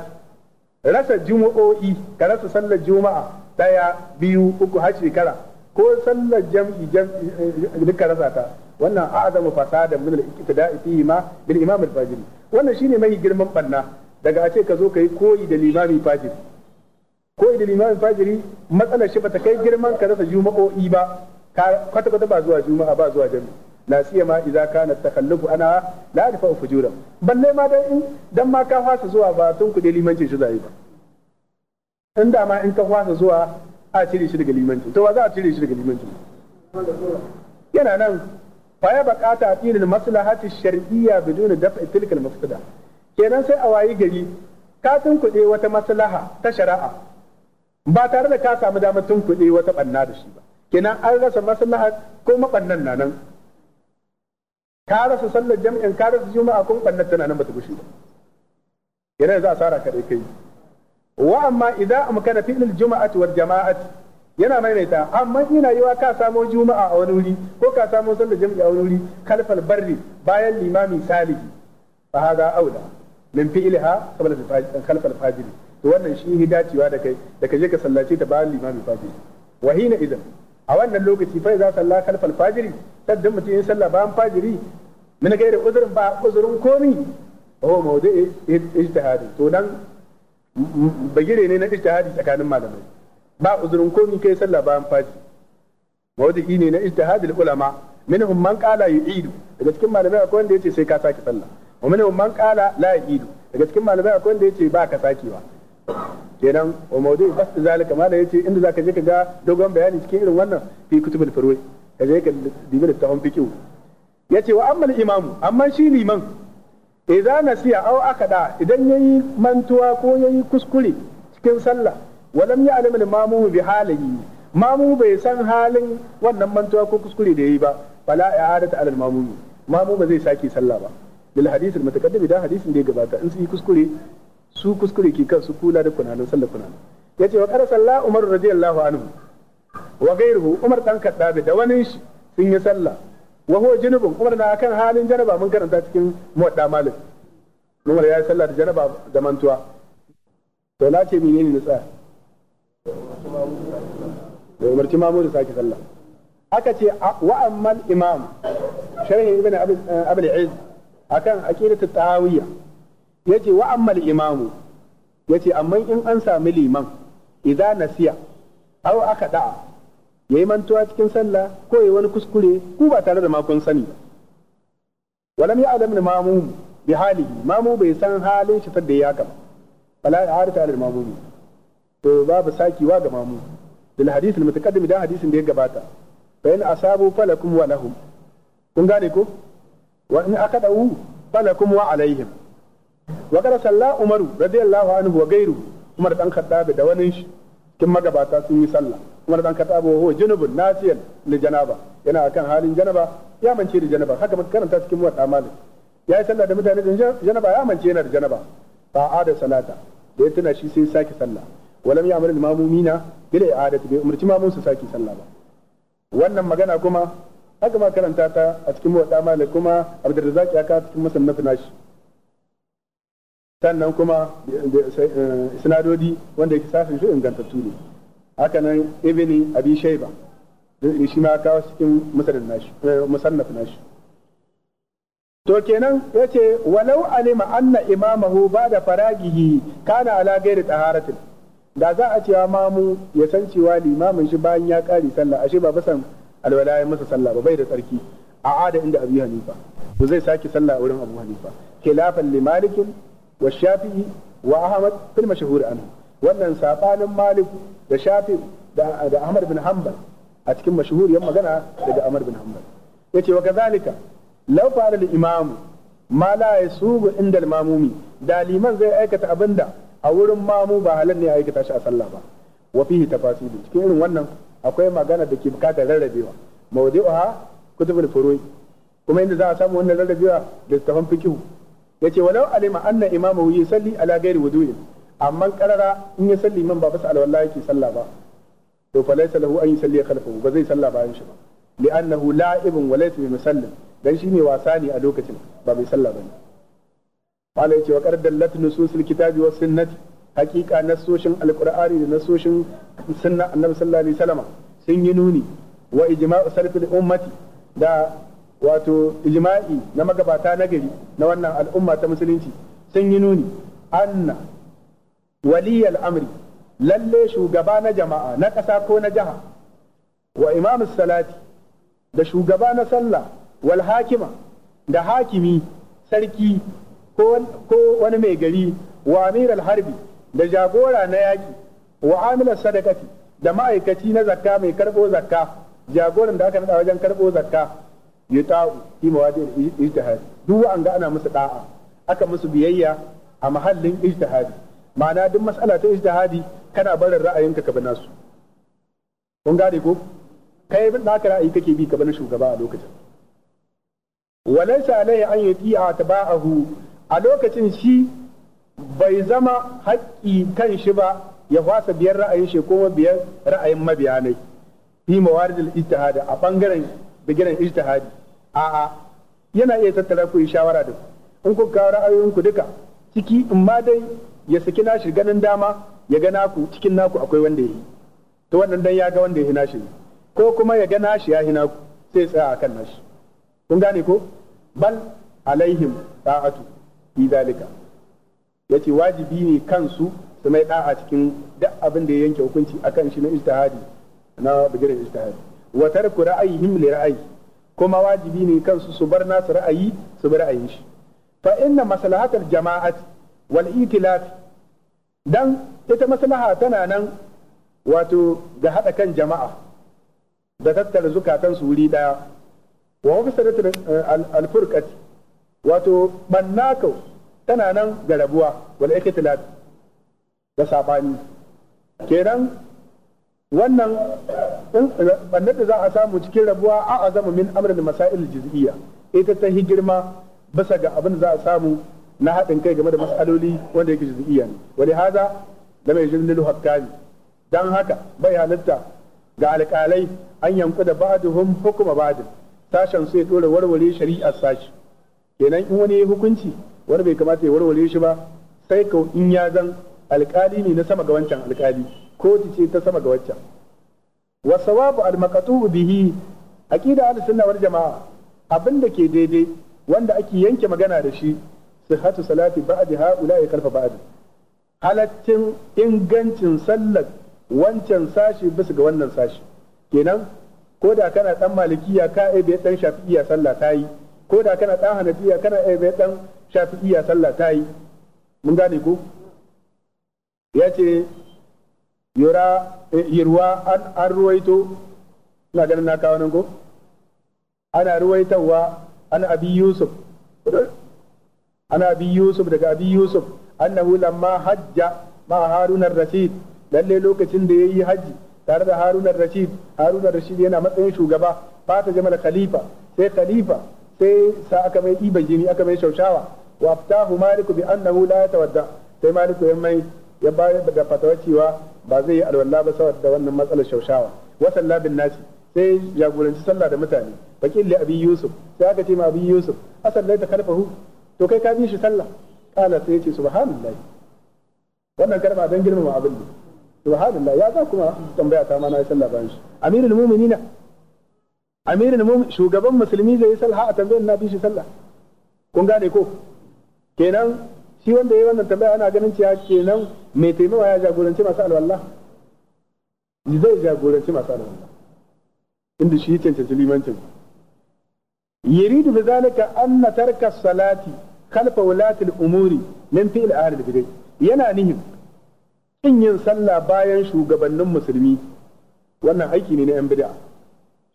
[SPEAKER 1] rasa jumu'o'i ka rasa sallar juma'a daya biyu uku har shekara ko sallar jam'i jam'i eh, eh, duka rasa ta wannan a'zamu fasadan min al-iqtida'i fihi ma bil imam wannan shine mai girman banna daga a ce ka zo ka yi koyi da limamin fajiri koyi da limamin fajiri matsalar shi bata kai girman ka rasa juma'o'i ba kwata kwata ba zuwa juma'a ba zuwa jami'a la siyama idza kana takallufu ana la arfa fujura balle ma dai in dan ma ka fasa zuwa ba tun kuɗe limancin shi zai ba in da ma in ka fasa zuwa a cire shi daga limancin to wa za a cire shi daga limancin yana nan fa ya baqata tilil maslahati shar'iyya bidun daf'i tilkal mafsada kenan sai a wayi gari ka tun kuɗe wata maslaha ta shari'a ba tare da ka samu damar kuɗe wata ɓanna da shi ba kenan an rasa maslaha ko maɓannan na nan ka rasa sallar jami'in ka rasa juma'a kun ɓannar tunanin ba ta gushe ba yana za a sara ka kai wa amma idan amkana fi'il juma'ati wal jama'ati yana maimaita amma ina yiwa ka samo juma'a a wani wuri ko ka samo sallar jami'i a wani wuri kalfal barri bayan limami salihi fa hada aula min fi'ilha qabla kalfal fajiri to wannan shi dacewa da kai da ka je ka sallace ta bayan limami fajiri wa hina idan a wannan lokaci fa za salla kalfal fajiri sadda mutum ya salla bayan fajiri min gairi uzurin ba uzurin komi oh mawdu'i ijtihadi to nan bagire ne na ijtihadi tsakanin malamai ba uzurin komi kai salla bayan fajiri mawdu'i ne na ijtihadi ulama minhum man qala yu'idu daga cikin malamai akwai wanda yace sai ka saki sallah wa minhum man qala la yu'idu daga cikin malamai akwai wanda yace ba ka sakewa kenan wa mawdu'i bas zalika ma da yace inda zaka je ka ga dogon bayani cikin irin wannan fi kutubul furu'i ka je ka dibi da tahon fiqh yace wa amma imamu amma shi liman idan nasiya aw akada idan yayi mantuwa ko yayi kuskure cikin sallah walam ya alim al-mamu bi halihi mamu bai san halin wannan mantuwa ko kuskure da yayi ba fala i'adatu alal mamu mamu ba zai sake sallah ba lil hadith al-mutaqaddim da hadisin da ya gabata in sun yi kuskure su kuskure kan kansu kula da kunanan sallar kunano yace wa qara salla umar radiyallahu anhu wa gairuhu umar dan kaddabi da wani shi sun yi sallah wa huwa junubun umar na akan halin janaba mun karanta cikin muwadda malik umar ya yi sallah da janaba da mantuwa to na ce menene ne tsaya da umarci mamu da sake sallah aka ce wa ammal imam sharhi ibn eh, abul aziz akan aqidatu tawiyya yace wa ammal imamu yace amma in an sami liman idza nasiya aw aka da'a yayi mantuwa cikin sallah ko yayi wani kuskure ku ba tare da ma kun sani ba walam ya'lam imamu bi halihi mamu bai san halin shi da ya kama fala harita al mamu to babu sakiwa ga mamu bil hadith al mutaqaddim da hadisin da ya gabata fa in asabu falakum wa lahum kun gane ko wa in da'u falakum wa alaihim wa qala salla umaru radiyallahu anhu wa gairu umar dan khattab da wani shi kin magabata sun yi sallah umar dan khattab wa huwa junubun nasiyan li janaba yana akan halin janaba ya mance da janaba haka muka karanta cikin muwatta malik ya yi sallah da mutane da janaba ya mance yana da janaba fa ada salata da ya tuna shi sai saki sallah walam ya amrul mamumina bila i'adati bai umarci mamun su saki sallah ba wannan magana kuma haka ma karanta ta a cikin muwatta malik kuma abdurrazzaq ya ka cikin musannaf nashi sannan kuma eh, eh, sinadodi wanda yake sashen shi ingantattu ne haka nan ibini abi shaiba eh, shi ma kawo cikin musannaf nashi to kenan yace walau alima anna imamahu bada faragihi kana ala ghairi taharatin da za a cewa mamu ya san cewa limamin shi bayan ya kare sallah ashe ba basan alwala ya masa sallah ba bai da tsarki a ada inda abu hanifa to zai sake sallah a wurin abu hanifa khilafan limalikin wa shafi'i wa ahmad fil wannan sabanin malik da shafi da ahmad bin hanbal a cikin mashhuriyar magana daga ahmad bin hanbal yace wa kazalika law fa'ala al-imam ma la yasubu inda al-mamumi zai aikata abinda a wurin mamu ba halal ne a aikata shi a sallah ba wa fihi tafasilu cikin irin wannan akwai magana da ke bukatar rarrabewa mawdu'uha kutubul furu'i kuma inda za a samu wannan rarrabewa da tafan fikihu yace walau alima anna imamahu salli ala ghairi wudu'in amma karara in ya salli man ba bisa alwala yake sallah ba to fa laysa lahu an yusalli khalfahu ba zai sallah bayan shi ba li'annahu la'ibun wa laysa bi musallin dan shi ne wasa ne a lokacin ba bai sallah bane Allah yace wa qad dallat nususul kitabi was sunnati hakika nasoshin alqur'ani da nasoshin sunna annabi sallallahu alaihi wasallam sun yi nuni wa ijma'u salafil ummati da wato ijma'i na magabata na gari na wannan al'umma ta musulunci sun yi nuni anna waliyal amri lalle shugaba na jama'a na ƙasa ko na jiha wa imamus salati da shugaba na sallah wal hakima da hakimi sarki ko wani mai gari wa amiral harbi da jagora na yaƙi wa amilar sadakati da ma'aikaci na zakka mai karɓo zakka jagoran da aka naɗa wajen karɓo zakka ya ta'u fi mawadin ijtihad duk an ga ana musu da'a aka musu biyayya a mahallin ijtihadi ma'ana duk mas'ala ta ijtihadi kana barin ra'ayinka ka bana su kun gane ko kai bin naka ra'ayi kake bi ka bana na shugaba a lokacin walaysa alayhi an yati'a taba'ahu a lokacin shi bai zama haƙƙi kan shi ba ya fasa biyar ra'ayin shi ko biyar ra'ayin mabiyanai fi mawaridil ijtihadi a bangaren bigiran ijtihadi a'a yana iya tattara ku shawara da ku in ku kawo ra'ayoyinku duka ciki in ma dai ya saki nashi ganin dama ya ga naku cikin naku akwai wanda ya yi to wannan dan ya ga wanda ya yi nashi ko kuma ya ga nashi ya yi naku sai tsaya akan nashi kun gane ko bal alaihim ta'atu fi zalika yace wajibi ne kansu su mai da'a cikin duk abin da ya yanke hukunci akan shi na ijtihadi na bigiran ijtihadi wa tarku ra'ayihim li ra'ayi kuma wajibi ne kansu su bar nasu ra'ayi su bar ra'ayin shi fa inna maslahatal jama'at wal itilaf dan ita maslaha tana nan wato ga hada kan jama'a da tattara zukatan su wuri daya wa mafsadatul eh, al-furqati wato bannaka tana nan ga rabuwa wal ikhtilaf da sabani kenan wannan bannar da za a samu cikin rabuwa a azama min amrin masail juz'iyya ita ta girma bisa ga abin da za a samu na haɗin kai game da mas'aloli wanda yake juz'iyya ne wani haza da mai jirnil hakkani dan haka bai halitta ga alƙalai an yanku da ba'duhum hukuma ba'din sashen su ya dora warware shari'ar sashi kenan in wani ya hukunci wani bai kamata ya warware shi ba sai ko in ya zan alƙali ne na sama ga wancan alƙali ko ce ta sama ga waccan wa sawabu al maqtu bihi aqida al sunna wal jamaa abinda ke daidai wanda ake yanke magana da shi sihhatu salati ba'd ya karfa ba'da halattin ingancin sallar wancan sashi bisa ga wannan sashi kenan ko da kana dan malikiya ka ebe dan shafi'iya sallah ta yi ko da kana dan hanafiya kana ebe dan shafi'iya sallah ta yi mun gane ko yace. yura eh, yirwa an ruwaito ina ganin na kawo nan ko ana ruwaitawa an abi yusuf ana abi yusuf daga abi yusuf annahu lamma hajja ma harun rashid lalle lokacin da yayi haji tare da harun rashid harun rashid yana matsayin shugaba fata jama'a khalifa sai khalifa sai sa aka mai diba jini aka mai shaushawa wa aftahu maliku bi annahu la yatawadda sai maliku ya ya bayar da fatawa cewa ba zai yi alwala ba saboda wannan matsalar shaushawa wa salla bin nasi sai jagoranci sallah da mutane faqil li abi yusuf sai aka ce ma abi yusuf asallaita kalfahu to kai ka bi shi sallah kala sai yace subhanallahi wannan karba dan girmama abin ne subhanallah ya za kuma tambaya ta ma na yi sallah bayan shi amirul mu'minina amirul mu'min shugaban musulmi zai yi sallah a tambayar na bi shi sallah kun gane ko kenan shi wanda yayi wannan tambaya ana ganin cewa kenan mai taimawa ya jagoranci masu alwala zai jagoranci masu alwala inda shi cancanci limancin yaridu bi zalika anna tarka salati khalfa wulati umuri min fi'l ahli al yana nihin in yin sallah bayan shugabannin musulmi wannan aiki ne na yan bid'a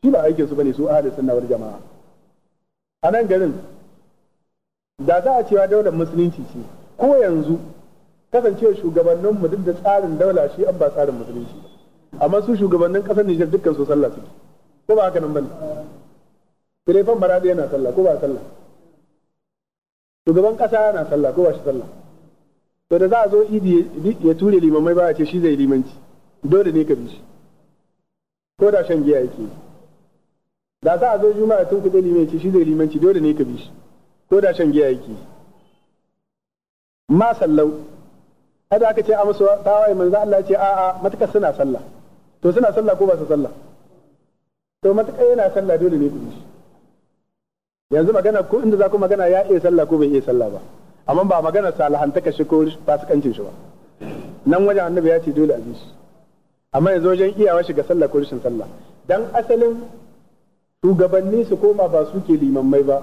[SPEAKER 1] shi ba aikin su bane su ahli sunna wal jama'a a nan garin da za a cewa daular musulunci ce ko yanzu kasancewa shugabannin mu duk da tsarin daula shi an ba tsarin musulunci amma su shugabannin kasar Nijar dukkan su sallah suke ko ba haka nan bane Firefan Barade yana sallah ko ba sallah shugaban kasa yana sallah ko ba shi sallah to da za a zo idi ya ture limamai ba a ce shi zai limanci dole ne ka bi shi ko da shan giya yake da za a zo juma'a tun kuɗe limanci shi zai limanci dole ne ka bi shi ko da shan giya yake ma sallau kada aka ce a musu tawaye manzo Allah ce a'a matuka suna sallah to suna sallah ko ba su sallah to matuka yana sallah dole ne ku shi yanzu magana ko inda za ku magana ya iya sallah ko bai iya sallah ba amma ba magana salahantaka shi ko fasikancin shi ba nan wajen annabi ya ce dole a shi amma yanzu wajen iyawa shiga sallah ko rashin sallah dan asalin shugabanni su koma ba su ke limammai ba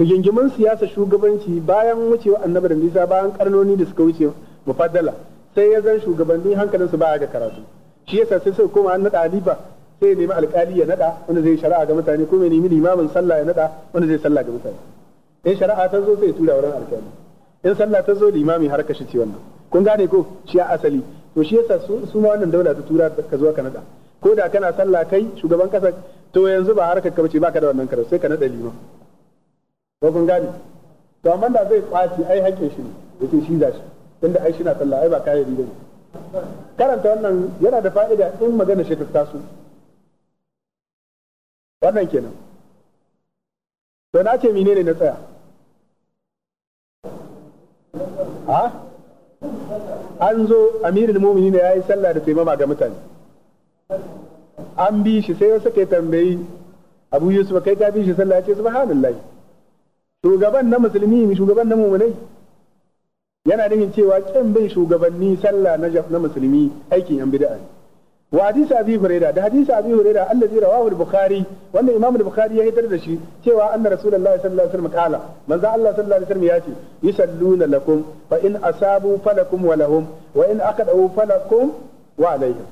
[SPEAKER 1] rigingimin siyasa shugabanci bayan wucewa annabi da nisa bayan karnoni da suka wuce mufaddala sai ya zan shugabanni hankalin su baya ga karatu shi yasa sai sai koma an naɗa alifa sai ya nemi alkali ya nada wanda zai shari'a ga mutane ko ya nemi limamin sallah ya nada wanda zai sallah ga mutane in shari'a ta zo sai ya tura wurin alkali in sallah ta zo limami har kashi ce wannan kun gane ko shi a asali to shi yasa su ma wannan daula ta tura ka zo ka nada ko da kana sallah kai shugaban kasa to yanzu ba harkar ka bace baka da wannan karatu sai ka nada limamin ko kun gane to amma da zai kwaci ai hakkin shi ne yace shi za shi tunda ai shi na sallah ai ba kai riga ne karanta wannan yana da fa'ida in magana shi ta taso wannan kenan to na ce menene na tsaya ha an zo amirul mumini ne ya yi sallah da taimama ga mutane an bi shi sai wasu ke tambayi abu yusuf kai ka bi shi sallah ya ce subhanallahi shugaban na musulmi shugaban na mumunai yana nufin cewa kin bin shugabanni sallah na na musulmi aikin yan bid'a ne wa hadisi abi hurairah da hadisi abi hurairah allazi rawahu al-bukhari wanda imam al-bukhari ya hitar da shi cewa anna rasulullahi sallallahu alaihi wasallam kala manzo Allah sallallahu alaihi wasallam ya ce yusalluna lakum fa in asabu falakum wa lahum wa in aqadu falakum wa alaihim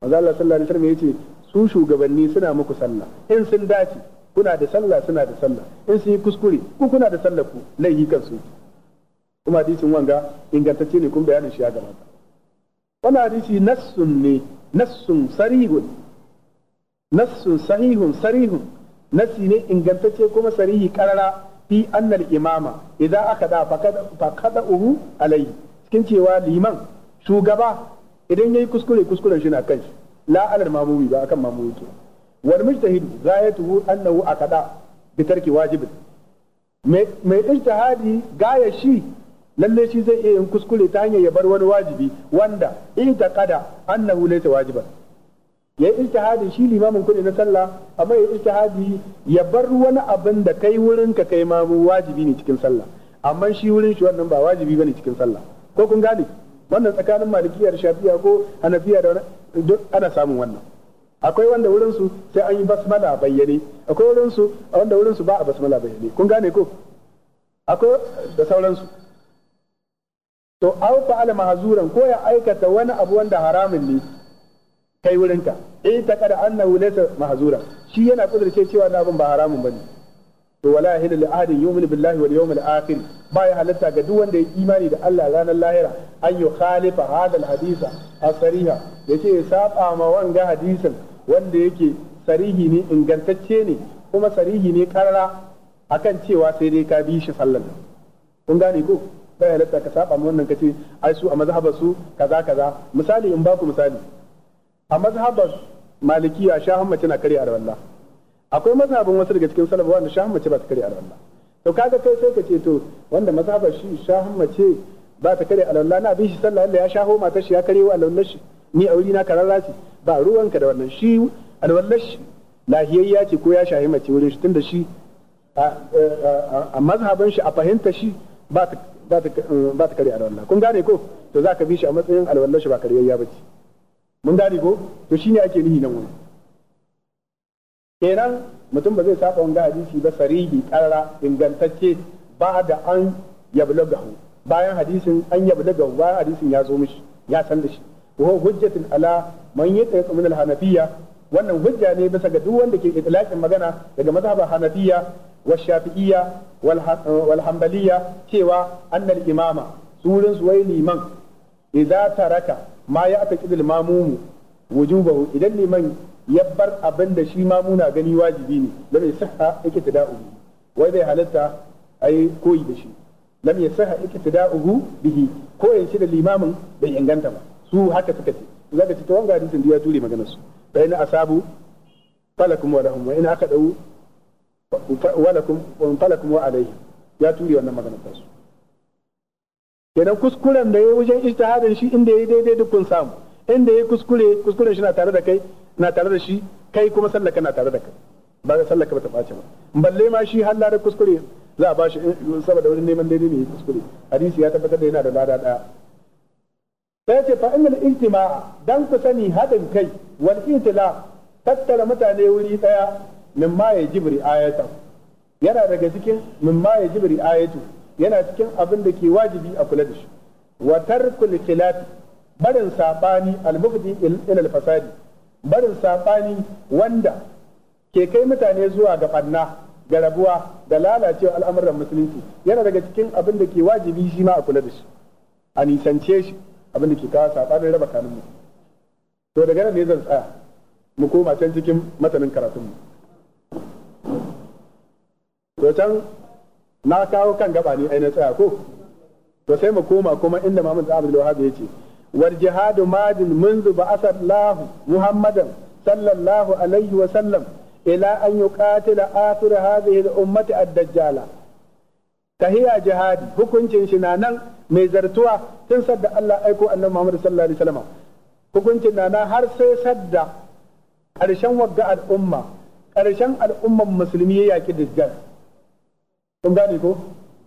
[SPEAKER 1] manzo Allah sallallahu alaihi wasallam ya ce su shugabanni suna muku sallah in sun dace kuna da sallah suna da sallah in sun yi kuskure ku kuna da sallah ku laihi kansu kuma hadisin wanga ingantacce ne kun bayanin shi ya gabata wannan hadisi nassun ne nassun sarihun nassun sahihun sarihun nassi ne ingantacce kuma sarihi karara fi annal imama idza aka da fakada uhu alai cikin cewa liman shugaba idan yayi kuskure kuskuren shi na kanshi la alal mamumi ba akan mamumi kenan wal mujtahid gayatuhu annahu akada bi tarki wajibin mai ijtihadi gaya shi lalle shi zai iya yin kuskure ta hanyar ya bar wani wajibi wanda in ta kada annahu laysa wajiban ya yi ijtihadi shi limamin kudi na sallah amma ya yi ijtihadi ya bar wani abin da kai wurin ka kai mamu wajibi ne cikin sallah amma shi wurin shi wannan ba wajibi bane cikin sallah ko kun gane wannan tsakanin malikiyar shafiya ko hanafiya da ana samun wannan akwai wanda wurin su sai an yi basmala bayyane akwai wurin su wanda wurin su ba a basmala bayyane kun gane ko akwai da sauransu to aw fa'ala mahzuran ko ya aikata wani abu wanda haramin ne kai wurinka in eh, ta kada annahu laysa mahzura shi yana kudurce cewa na abin ba haramun bane to wala yahillu li ahadin yu'minu billahi wal yawmil akhir ba ya halatta ga duk wanda ya imani da Allah ranar lahira an khalifa hadal al hadisa asariha yace ya saba ma wanga hadisin wanda yake sarihi ne ingantacce ne kuma sarihi ne karara akan cewa sai dai ka bi shi sallan kun gane ko bai halatta ka saba mu wannan kace ai su a mazhabar su kaza kaza misali in ba ku misali a mazhabar malikiya shahan mace na karya arwalla akwai mazhabin wasu daga cikin salaf wanda shahan mace ba ta karya arwalla to kaga kai sai ka ce to wanda mazhabar shi shahan mace ba ta karya arwalla na bi shi sallar Allah ya shaho matar shi ya karya wa alwallar shi ni a wuri na kararra ce ba ruwanka da wannan shi alwallar shi lahiyayya ce ko ya shahi mace wurin shi da shi a mazhaban shi a fahimta shi ba ta kare alwallar kun gane ko to za ka bi shi a matsayin alwallar shi ba karyayya ba ce mun gane ko to shi ne ake nihi nan wani kenan mutum ba zai saba wanga hadisi ba sarihi karara ingantacce ba da an yablagahu bayan hadisin an yablagahu bayan hadisin ya zo mishi ya san da shi wa hujjatun ala man yataqa min al-hanafiyya wannan hujja ne bisa ga duk wanda ke itlaqin magana daga mazhabar hanafiyya wa shafi'iyya wal hanbaliyya cewa annal imama surin wai liman idza taraka ma ya taqidul mamumu wujubahu idan liman ya bar abin da shi mamuna gani wajibi ne lam yasihha iktida'u wai bai halatta ai koyi da shi lam yasihha iktida'u bihi koyin shi da limamin bai inganta ba su haka suka ce za ka ci ta wanga hadisin ya ture magana su bai na asabu falakum wa lahum wa in aka dau walakum wa falakum wa alayhi ya ture wannan magana ta su kenan kuskuren da ya wajen ijtihadin shi inda ya daidai duk kun samu inda ya kuskure kuskuren shi na tare da kai na tare da shi kai kuma sallaka na tare da kai ba ga sallaka ba ta bace ba balle ma shi har larar kuskure za a ba shi saboda wani neman daidai ne kuskure hadisi ya tabbatar da yana da lada daya sai ce fa innal ijtima dan ku sani haɗin kai wal itila tattara mutane wuri ɗaya min maye jibri yana daga cikin min maye jibri ayatu yana cikin abin da ke wajibi a kula da shi wa tarkul khilaf barin sabani al mufdi ila al fasadi barin sabani wanda ke kai mutane zuwa ga banna ga rabuwa da lalacewa al'amuran musulunci yana daga cikin abin da ke wajibi shi ma a kula da shi a nisance shi abin da ke kawo saɓanin raba kanin mu to daga nan ne zan tsaya mu koma can cikin matanin karatun mu to can na kawo kan gaba ne ainihin tsaya ko to sai mu koma kuma inda mamun da abdul ya ce, wal jihadu madin منذ Sallallahu alaihi wa sallam الله an وسلم إلى أن يقاتل آخر هذه a Dajjala. tahiya jihadi hukuncin shi na nan mai zartuwa tun sadda Allah aiko annabi Muhammad sallallahu alaihi wasallam hukuncin na nan har sai sadda ƙarshen wagga al'umma ƙarshen al'umman musulmi ya yaki dajjal kun gane ko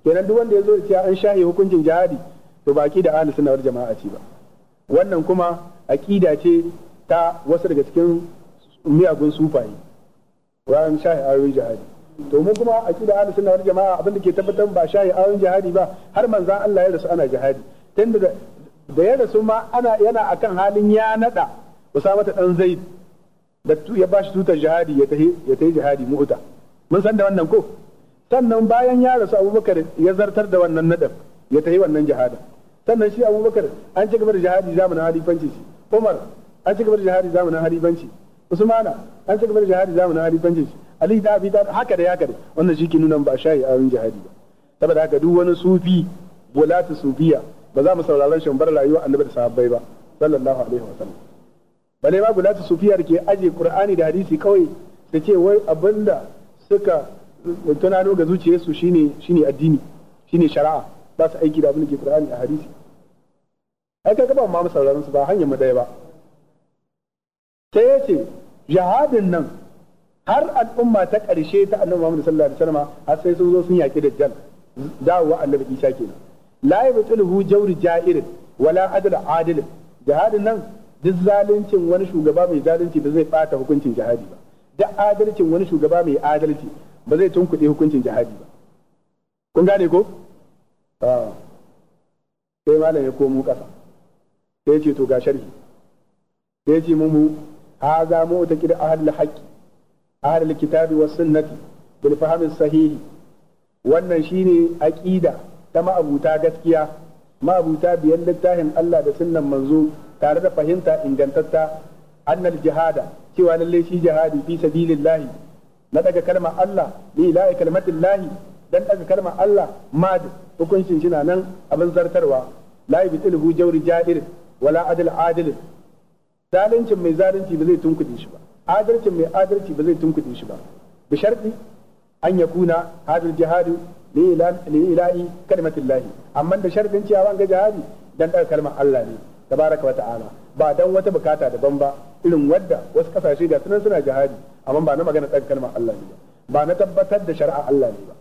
[SPEAKER 1] kenan duk wanda ya zo ya an shahe hukuncin jihadi to baki da ahli sunna jama'a ce ba wannan kuma aqida ce ta wasu daga cikin miyagun sufaye wa an shahe ayoyin jihadi to mu kuma kida ahlus sunna wal jamaa abin da ke tabbatar ba shayi an jihadi ba har manzan Allah ya rasu ana jihadi tun da ya rasu ma ana yana akan halin ya nada Usama ta dan Zaid da ya bashi tutar jihadi ya tahi ya tahi jihadi mu'ta mun san da wannan ko sannan bayan ya rasu Abubakar ya zartar da wannan nadan ya tahi wannan jihadin sannan shi Abubakar an ci gaba da jihadi zamanin halifanci shi Umar an ci gaba da jihadi zamanin halifanci Usmana an ci gaba da jihadi zamanin halifanci shi Ali da Abi da haka da haka wannan shi ke nuna ba shayi a jihadi ba saboda haka duk wani sufi bulatu sufiya ba za mu sauraron bar rayuwa annabi da sahabbai ba sallallahu alaihi wa sallam bale ma bulatu sufiyar ke aje qur'ani da hadisi kawai da ce wai abinda suka tunano ga zuciyarsu shine shine addini shine shari'a ba su aiki da abin da ke qur'ani a hadisi ai kaga ba mu sauraron su ba hanyar mu daya ba sai yace jihadin nan har al'umma ta ƙarshe ta annabi Muhammad sallallahu alaihi wasallam har sai sun zo sun yaki dajjal dawowa annabi Isa kenan la yabtulhu jawri ja'irin wala adl adil jihadin nan duk zaluncin wani shugaba mai zalunci ba zai bata hukuncin jihadi ba duk adalcin wani shugaba mai adalci ba zai tunkuɗe hukuncin jihadi ba kun gane ko ah. sai malam ya komo ƙasa sai ce to ga sharhi sai ce mu haza mu ta kida ahlul haqqi ahlul kitabi was sunnati bil fahmi sahihi wannan shine aƙida ta ma'abuta gaskiya ma'abuta biyan littafin Allah da sunnan manzo tare da fahimta ingantatta annal jihada cewa lalle shi jihadi fi sabilillahi na daga kalmar Allah li ilahi don ɗaga daga kalmar Allah mad hukuncin shi nan abin zartarwa la yubtilhu jawri jahil wala adil adil zalincin mai zalunci ba zai tunkuɗe shi ba adalcin mai adalci ba zai tunkuɗe shi ba bi sharti an kuna hadu jihadu li ilahi kalimatillahi amma da shartin cewa an ga jihadi dan ɗaga kalmar Allah ne tabaraka wa ta'ala ba dan wata bukata daban ba irin wadda wasu kasashe ga sunan suna jihadi amma ba na magana ɗaga kalmar Allah ne ba na tabbatar da shari'a Allah ne ba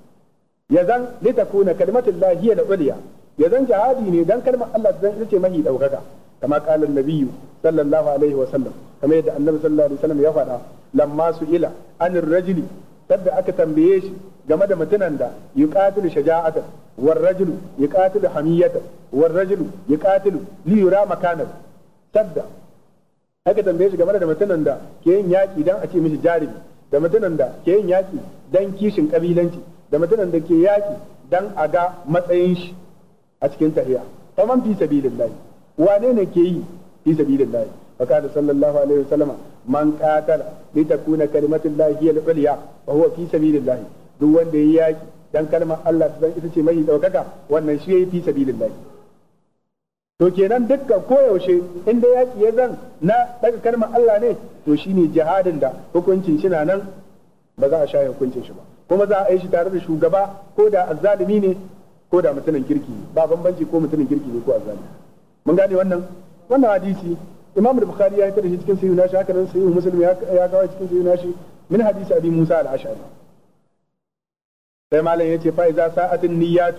[SPEAKER 1] ya zan litakuna kalimatullahi ya da uliya ya zan jihadi ne dan kalmar Allah zan ita ce mahi ɗaukaka kama qala an sallallahu alaihi wa sallam kamar yadda annabi sallallahu alaihi wa sallam ya faɗa lamma su ila anir rajuli tabda aka tambaye shi game da mutunan da yuqatilu shaja'atan war rajulu yuqatilu hamiyatan war rajulu yuqatilu li yura makanan tabda aka tambaye shi game da mutunan da ke yin yaki dan a ce mishi jarimi da mutunan da ke yin yaki dan kishin kabilanci da mutunan ke yaki dan a ga matsayin shi a cikin tahiya faman fi sabilillahi wane ne ke yi fi sabilillah فقال صلى الله عليه وسلم من قاتل لتكون كلمة الله هي العليا فهو في سبيل lahi duk wanda ya yaki dan kalmar Allah ta zan ita ce mai daukaka wannan shi yayi fi lahi to kenan dukkan koyaushe inda yaki ya zan na daga kalmar Allah ne to shine jihadin da hukuncin shi nan ba za a sha hukuncin shi ba kuma za a yi shi tare da shugaba ko da azzalimi ne ko da mutumin kirki ba bambanci ko mutumin kirki ne ko azzalimi mun gane wannan wannan hadisi imam al-bukhari ya fitar shi cikin sahih nashi haka nan sahih muslim ya kawo cikin sahih nashi min hadisi abi musa al-ash'ari sai malam yace fa iza sa'atin niyyat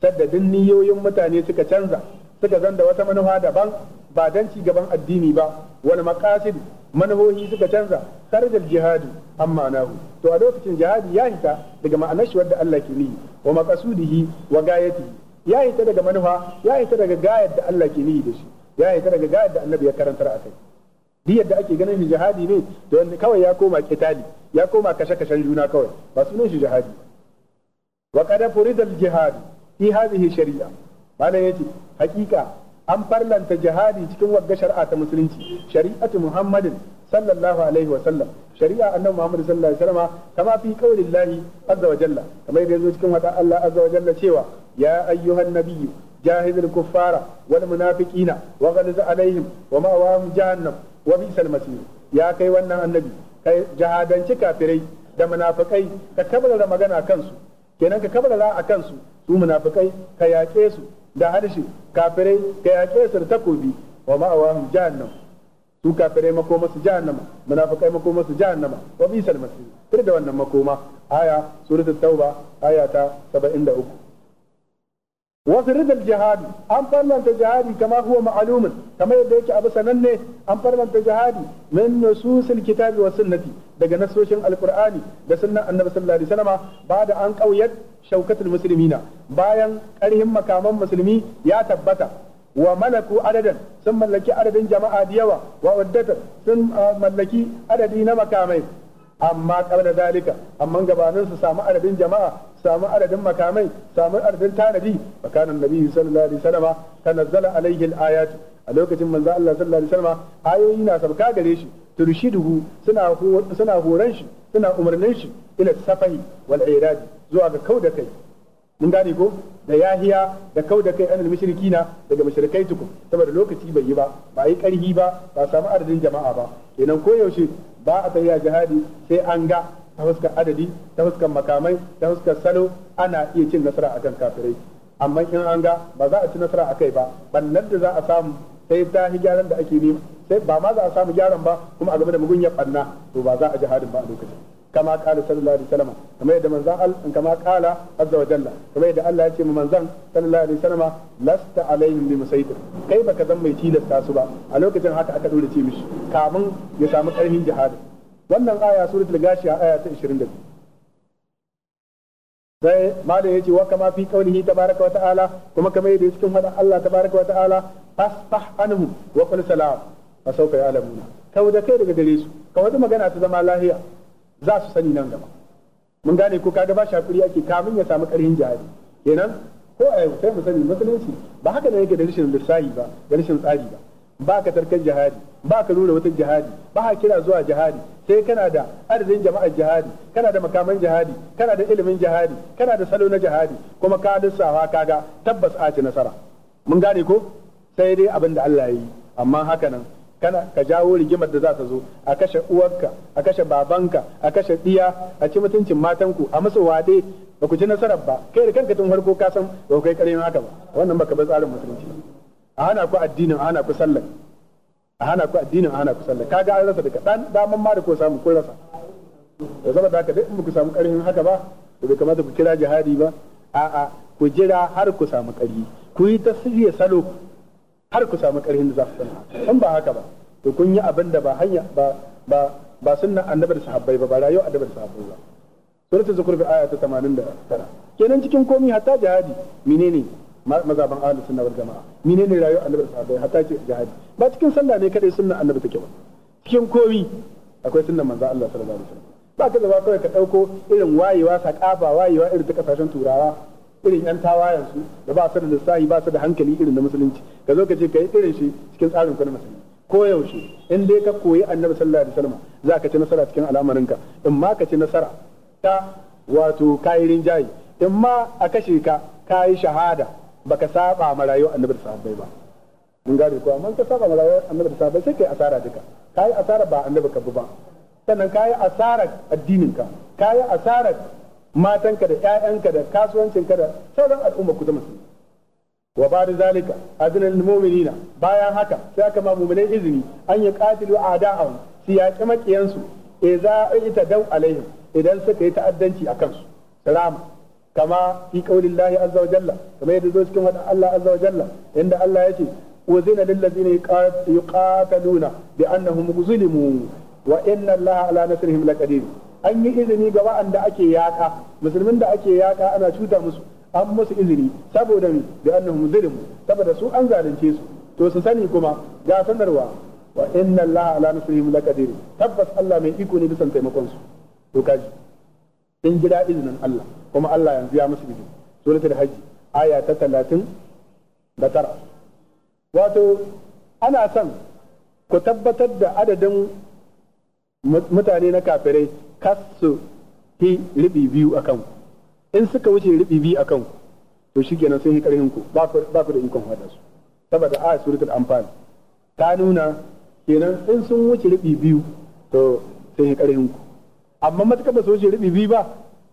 [SPEAKER 1] saddadin niyoyin mutane suka canza suka zanda wata manufa daban ba dan ci gaban addini ba wani maqasid manufofi suka canza kharajal jihadi amma nahu to a lokacin jihadi ya hita daga ma'anar shi wanda Allah ke ni wa maqasudihi wa gayatihi ya yi ta daga manufa ya yi ta daga gayar da Allah ke nihi da shi ya yi ta daga gayar da annabi ya karantar a kai duk yadda ake ganin shi jihadi ne to kawai ya koma kitali ya koma kashe-kashen juna kawai ba sunan shi jihadi wa qad furida jihadi jihad fi hadhihi shari'a malam yace hakika an farlanta jihadi cikin wagga shari'a ta musulunci shari'atu muhammadin sallallahu alaihi wa sallam shari'a annabi Muhammad sallallahu alaihi wasallam kama fi azza wa jalla kamar yadda yazo cikin wata Allah azza wa jalla cewa ya ayyuhan nabiyyu jahidil kuffara wani munafiqina wa ghaliz alaihim wa ma'awahum jahannam wa bisal masir ya kai wannan annabi ka jahadanci kafirai da munafikai ka kabbala magana kansu kenan ka kabbala a kansu su munafikai ka yaƙe su da harshe kafirai ka yaƙe su da takobi wa ma'awahum jahannam su kafirai makoma su jahannama munafikai makoma su jahannama wa bisal masir kir da wannan makoma aya suratul tauba aya ta 73 wa sirrul jihad an farnanta jihadi kama huwa ma'lumun kama yadda yake abu sananne an farnanta jihadi min nususil kitabi wa sunnati daga nasoshin alqur'ani da sunnan annabi sallallahu alaihi wasallam ba da an kauyat shaukatul muslimina bayan karhin makaman musulmi ya tabbata wa malaku adadan sun mallaki adadin jama'a da yawa wa uddatan sun ah, mallaki adadi na makamai amma kabla dalika amma gabanin su samu adadin jama'a samu adadin makamai samu adadin tanadi makanan nabi sallallahu alaihi wasallam tanazzala alaihi alayat a lokacin manzo Allah sallallahu alaihi wasallam ayoyi na sabka gare shi turshiduhu suna suna horan shi suna umarnin shi ila safai wal iradi zuwa ga kauda kai mun gane ko da yahiya da kau da kai anil mushrikina daga mushrikai tuku saboda lokaci bai yi ba ba yi karhi ba ba samu adadin jama'a ba kenan koyaushe ba a tafiya jihadi sai an ga ta fuskar adadi ta fuskar makamai ta fuskar salo ana iya cin nasara akan kafirai amma in an ga ba za a ci nasara akai ba bannan da za a samu sai ta gyaran da ake nema sai ba ma za a samu gyaran ba kuma a game da mugunyar banna to ba za a jihadin ba a lokacin kama qala sallallahu alaihi wasallam kama yadda manzon Allah kama qala azza wa jalla kama yadda Allah ya ce manzon sallallahu alaihi wasallam lasta alaihim bi kai baka zan mai tilasta su ba a lokacin haka aka dole ce mishi kamun ya sami karfin jihada wannan aya gashi a aya ta 22 sai malam yace wa kama fi qaulihi tabaraka wa ta'ala kuma kama yadda cikin hada Allah tabaraka wa ta'ala fasfah anhu wa qul salam fa sawfa ya'lamuna kawai da kai daga gare su kawai magana ta zama lahiya za su sani nan gaba mun gane ko kaga ba shi hakuri ake kamin ya samu karhin jihadi kenan ko a yau sai mu sani musulunci ba haka ne yake da rashin lissahi ba da rashin tsari ba ba ka tarkar jihadi ba ka nuna wata jihadi ba ka kira zuwa jihadi sai kana da adadin jama'ar jihadi kana da makaman jihadi kana da ilimin jihadi kana da salo na jihadi kuma ka lissafa kaga tabbas a ci nasara mun gane ko sai dai abin da Allah ya yi amma haka nan kana ka jawo rigimar da za ta zo a kashe uwarka a kashe babanka a kashe ɗiya a ci mutuncin matanku a musu waɗe ba ku ci nasarar ba kai da kanka tun harko ka san ba kai karin haka ba wannan baka bar tsarin musulunci a hana ku addinin a hana ku sallar a hana ku addinin a hana ku sallar kaga an rasa daga dan daman ma da ko samu ko rasa da saboda haka duk ku samu karin haka ba to bai kamata ku kira jihadi ba a'a ku jira har ku samu kari ku yi tasiriyar salo har ku samu ƙarfin da za ku sana in ba haka ba to kun yi abin da ba hanya ba ba ba sunna annabi da sahabbai ba ba rayuwar annabi da sahabbai ba suratul zukruf aya ta 89 kenan cikin komi hatta jihadi menene mazaban ahlus sunna wal jamaa menene rayuwar annabi da sahabbai hatta ce jihadi ba cikin sallah ne kadai sunna annabi take ba cikin komi akwai sunna manzo Allah sallallahu alaihi wasallam ba ka da ba kawai ka dauko irin wayewa sakafa wayewa irin ta kasashen turawa irin yan tawayen su da ba su da lissahi ba su da hankali irin na musulunci ka zo ka ce ka yi irin shi cikin tsarin ku na musulunci ko yaushe in dai ka koyi annabi sallallahu alaihi wasallam za ka ci nasara cikin al'amarinka in ma ka ci nasara ta wato kayi rinjayi in ma a kashe ka kayi shahada baka saba ma rayuwar annabi da sahabbai ba mun gane ko amma ka saba ma rayuwar annabi da sahabbai sai kai asara duka kayi asara ba annabi ka bi ba sannan kayi addinin addininka kayi asara. matanka da ƴaƴanka da kasuwancinka da sauran al'umma ku ta musulmi wa ba da zalika azna mu'minina bayan haka sai aka ma mu'minai izini an yi qatilu a'da'ahum su yaƙi maƙiyansu idza ita dau alaihim idan suka yi ta'addanci a kansu salama kama fi qaulillahi azza wa jalla kama yadda zo cikin wadan Allah azza wa jalla inda Allah ya ce وزين للذين يقاتلون بأنهم ظلموا وإن الله على نصرهم لقدير an yi izini ga wa'anda ake yaka musulmin da ake yaka ana cuta musu an musu izini saboda mi da annahum zulmu saboda su an zalunce su to su sani kuma ga sanarwa wa inna allaha ala nasrihim laqadir tabbas Allah mai iko ne bisan taimakon su to kaji in gida izinin Allah kuma Allah yanzu ya musu izini suratul hajji aya ta 30 da tara wato ana son ku tabbatar da adadin mutane na kafirai kasu hi ribi biyu a kanku in suka wuce ribi biyu a kanku to shi kenan sun yi karhin ku ba ku da ikon hada su saboda a suratul amfani ta nuna kenan in sun wuce ribi biyu to sun yi karhin ku amma matuƙar ba su wuce ribi biyu ba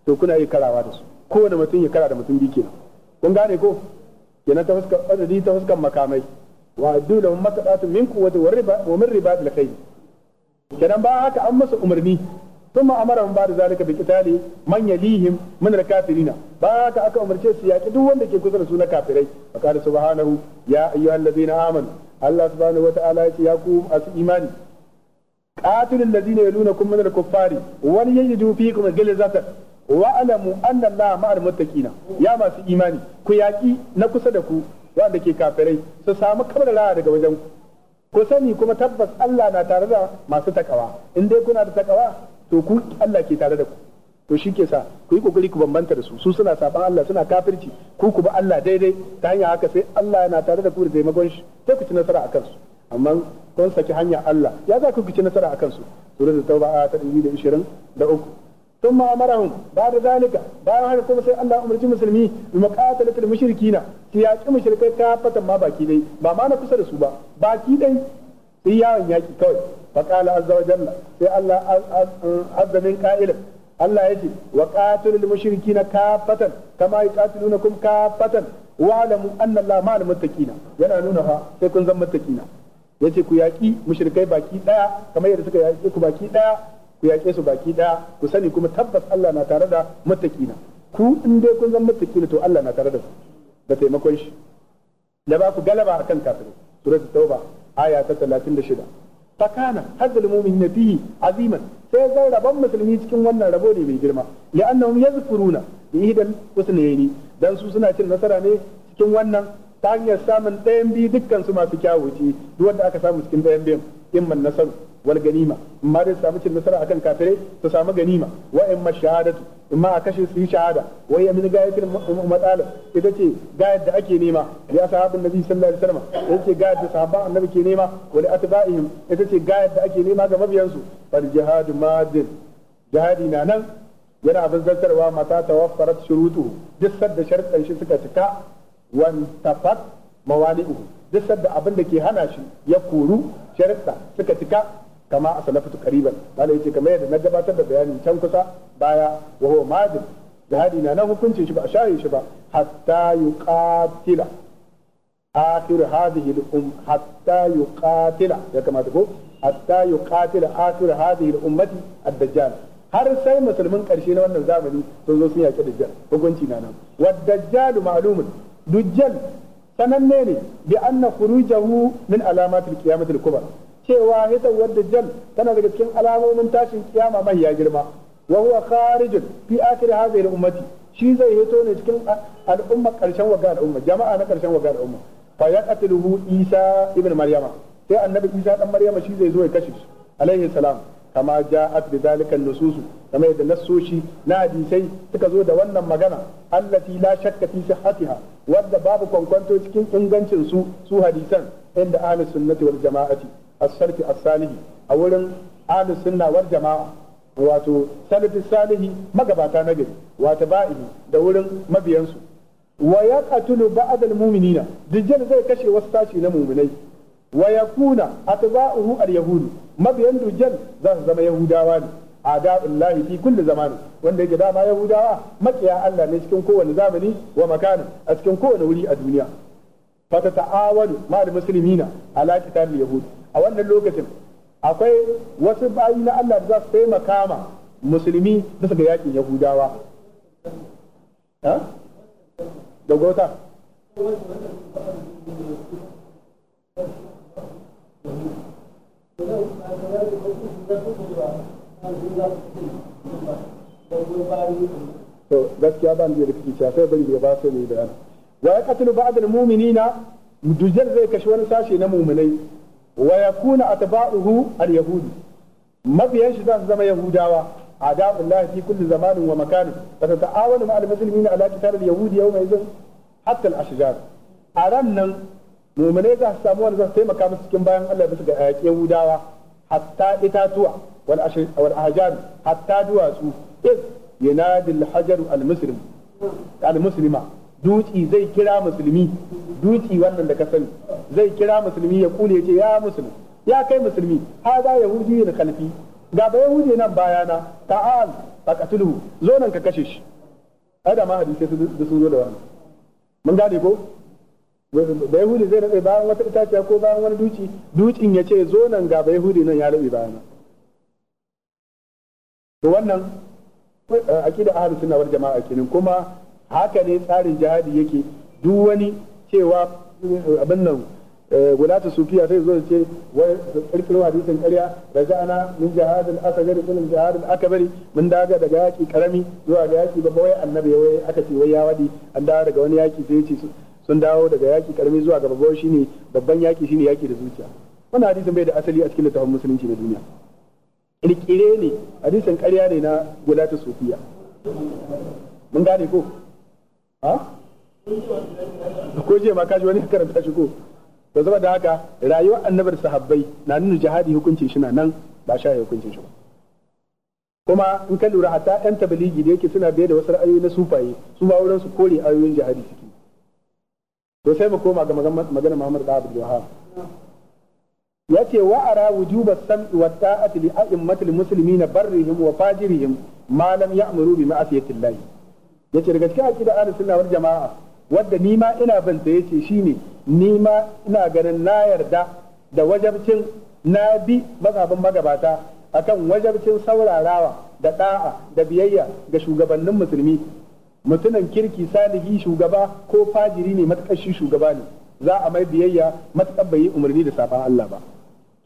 [SPEAKER 1] to kuna yi karawa da su kowane mutum ya kara da mutum biyu kenan kun gane ko kenan ta fuskar adadi ta fuskar makamai wa dole mun mata datu min kuwati wa riba wa min riba bil khayr kenan ba haka an masa umarni ثم امرهم بعد ذلك بقتال من يليهم من الكافرين باك aka umarce su yaki duk wanda ke kusa da su na kafirai faqala subhanahu ya ayyuhal ladina amanu Allah subhanahu wataala yace ya ku asu imani qatilul ladina yalunakum min al-kuffari wal yajidu fiikum ghilzatan wa alamu anna Allah ma'al muttaqina ya masu imani ku yaki na kusa da ku wanda ke kafirai su samu kamarara daga wajen ku ku sani kuma tabbas Allah na tare da masu takawa in dai kuna da takawa to ku Allah ke tare da ku to shi ke sa ku yi kokari ku bambanta da su su suna saban Allah suna kafirci ku ku ba Allah daidai ta hanyar haka sai Allah yana tare da ku da taimakon shi sai ku ci nasara a kansu amma kun saki hanyar Allah ya za ku ci nasara a kansu suratul tauba a ta 123 ثم امرهم بعد ذلك bayan haka kuma sai Allah umarci musulmi bi maqatalatil mushrikina sai ya ci mushrikai fatan ma baki dai ba ma na kusa da su ba baki dai sai yawon yaki kawai فقال عز وجل في الله عز من قائل الله يجي وقاتل المشركين كافة كما يقاتلونكم كافة واعلموا أن الله مع المتقين yana nuna fa sai kun zama mutakina yace ku yaƙi mushrikai baki ɗaya kamar yadda suka yaki ku baki ɗaya ku yake su baki ɗaya ku sani kuma tabbas Allah na tare da mutakina ku in dai kun zan mutakina to Allah na tare da su da taimakon shi da ba ku galaba akan kafirai suratul tauba aya ta 36 fakana hazzul mu'minina fihi aziman sai zan musulmi cikin wannan rabo ne mai girma li'annahum yazkuruna bi ihdal husnayni dan su suna cin nasara ne cikin wannan ta hanyar samun ɗayan biyu dukkan su masu kyawu duk wanda aka samu cikin ɗayan biyun imman nasaru wal ganima amma dai su samu cin nasara akan kafirai su samu ganima wa in mashahadatu amma a kashe su yi shahada wa ya min gayatul matsalar ita ce gayar da ake nema li ashabin nabi sallallahu alaihi wasallam ita ce gayar da sahabban annabi ke nema wa li atba'ihim ita ce da ake nema ga mabiyansu fal jihadu madin jihadi na nan yana abin mata tawaffarat shurutu duk sadda sharɗan shi suka cika wan tafat mawani'u duk sadda abin da ke hana shi ya koru sharuɗa suka cika kama asalaftu qariban malai yace kamar yadda na gabatar da bayanin can kusa baya wa huwa mazin jihadi na na hukuncin ba a shaye shi ba hatta yuqatila akhir hadhihi al-um hatta yuqatila ya kamata ko dajjal har sai musulmin karshe na wannan zamani sun zo sun yaki dajjal hukunci na nan wad dajjal ma'lumun dajjal sananne ne bi anna khurujahu min alamatil qiyamatil kubra cewa hitawar Jal tana daga cikin alamomin tashin kiyama mai ya girma wa huwa kharijun fi akhir hadhihi ummati shi zai hito ne cikin al'umma karshen waga al'umma jama'a na karshen waga al'umma fa yaqtuluhu isa ibn maryama sai annabi isa dan maryama shi zai zo ya kashe shi alaihi salam kama ja'at bi zalika an-nusus kama yadda nassoshi na hadisai suka zo da wannan magana allati la shakka fi sihhatiha wadda babu kwankwanto cikin ingancin su su hadisan inda ahlus sunnati wal jama'ati A salfi a salihi a wurin ahlus sunna wal jama'a wato salafi salihi magabata na gari wa taba'ihi da wurin mabiyansu wa yaqtulu ba'd al-mu'minina dijjal zai kashe wasu tashi na mu'minai wa yakuna atba'uhu al-yahudu mabiyan dijjal za su zama yahudawa ne adabullahi fi kulli zamani wanda yake dama yahudawa makiya Allah ne cikin kowane zamani wa makana a cikin kowane wuri a duniya fata ta'awalu ma'al muslimina ala qitalil yahudi a wannan lokacin akwai wasu bayi na Allah da za su taimaka ma musulmi bisa ga yakin yahudawa ha da gota to gaskiya ban da rikici cewa sai bari ya ba su ne da wa yaqtulu ba'd al-mu'minina dujal zai kashi wani sashi na mu'minai wa yakuna atba'uhu al yahudi mabiyan shi za su zama yahudawa adaullah fi kulli zamanin wa makanin fa tata'awanu ma'al muslimina ala qital al-yahud yawma idhin hatta al-ashjar a ran nan mu'mine za su samu wani za taimaka musu cikin bayan Allah bisa ga yahudawa hatta itatuwa wal ahjar hatta duwatsu iz yanadi al al-muslim al-muslima duci zai kira musulmi duci wannan da ka sani zai kira musulmi ya kule ce ya musulmi ya kai musulmi da yahudi ne kalfi ga ba yahudi nan bayana ta'al faqatuluhu zo nan ka kashe shi ada ma hadisi da sun zo da wannan mun gane ko da yahudi zai rabe bayan wata itaciya ko bayan wani duci ducin ya ce zo nan ga ba yahudi nan ya rabe bayana to wannan eh, akida ahlus sunna wal jama'a kenan kuma haka ne tsarin jihadi yake duk wani cewa eh, abin nan eh, ta sufiya sai zo ce wa kirkiro hadisin ƙarya raja'ana min jihadin gari min jihadin bari mun daga daga yaki karami zuwa ga yaki babba wai annabi wai aka ce wai ya wadi an dawo daga wani yaki sai ce sun dawo daga yaki karami zuwa ga babba shine babban yaki shine yaki da zuciya wannan hadisin bai da asali a cikin littafin musulunci na duniya kirkire ne hadisin ƙarya ne na ta sufiya mun gane ko ha ko jiya ma kashi wani karanta shi ko to saboda haka rayuwar annabar sahabbai na nuna jihadi hukuncin shi na nan ba sha hukuncin shi ba kuma in ka lura hatta yan tabligi da yake suna biye da wasu ra'ayoyi na sufaye su ba wurin su kore ayoyin jihadi suke to sai mu koma ga magana Muhammad da Abdul Wahhab yace wa ara wujuba sam'i wa ta'ati li a'immatil muslimin barrihim wa fajirihim ma lam ya'muru bi yace daga cikin aqida ahlus sunna wal jamaa wadda ni ma ina ban ya ce shine ni ma ina ganin na yarda da wajabcin na bi mazhabin magabata akan wajabcin saurarawa da da'a da biyayya ga shugabannin musulmi mutumin kirki salihi shugaba ko fajiri ne matakar shi shugaba ne za a mai biyayya matakar bai yi umarni da safa Allah ba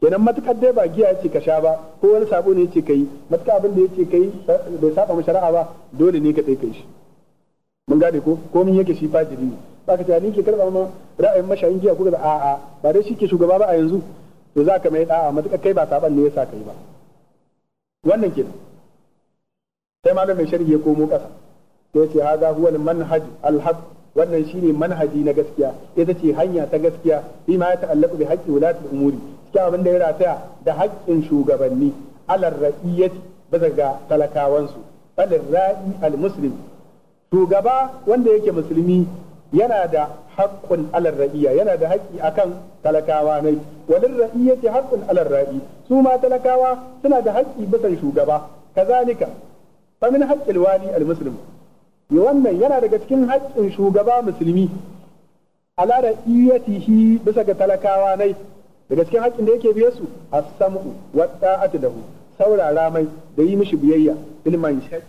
[SPEAKER 1] kenan matakar dai ba giya yace ka sha ba ko wani sabo ne yace yi matakar abin da ya yace yi eh, bai saba mu shari'a ba dole ne ka tsaye kai shi mun gane ko komin yake shi fajiri ne baka ta ni ke karɓa ma ra'ayin mashayin giya kuka da a'a ba dai shi ke shugaba ba a yanzu to za ka mai da'a matuka kai ba saban ne yasa kai ba wannan kenan sai malamin sharhi ya komo ƙasa sai ce haza huwa manhaj al wannan shine manhaji na gaskiya ita ce hanya ta gaskiya bi ma ya ta'allaqu bi haqqi ulati al-umuri cikin abin da ya rataya da haƙƙin shugabanni alar ra'iyyati bisa ga talakawansu alin ra'i al-muslim shugaba wanda yake musulmi yana da haƙƙun alar ra'iya yana da haƙƙi akan talakawa ne walin ra'iya ce haƙƙun alar ra'i su ma talakawa suna da haƙƙi bisan shugaba kazalika famin haƙƙil wali almuslim wannan yana daga cikin haƙƙin shugaba musulmi ala ra'iyatihi bisa ga talakawa ne daga cikin haƙƙin da yake biye su as-sam'u wa ta'atu lahu saurara mai da yi mishi biyayya ilman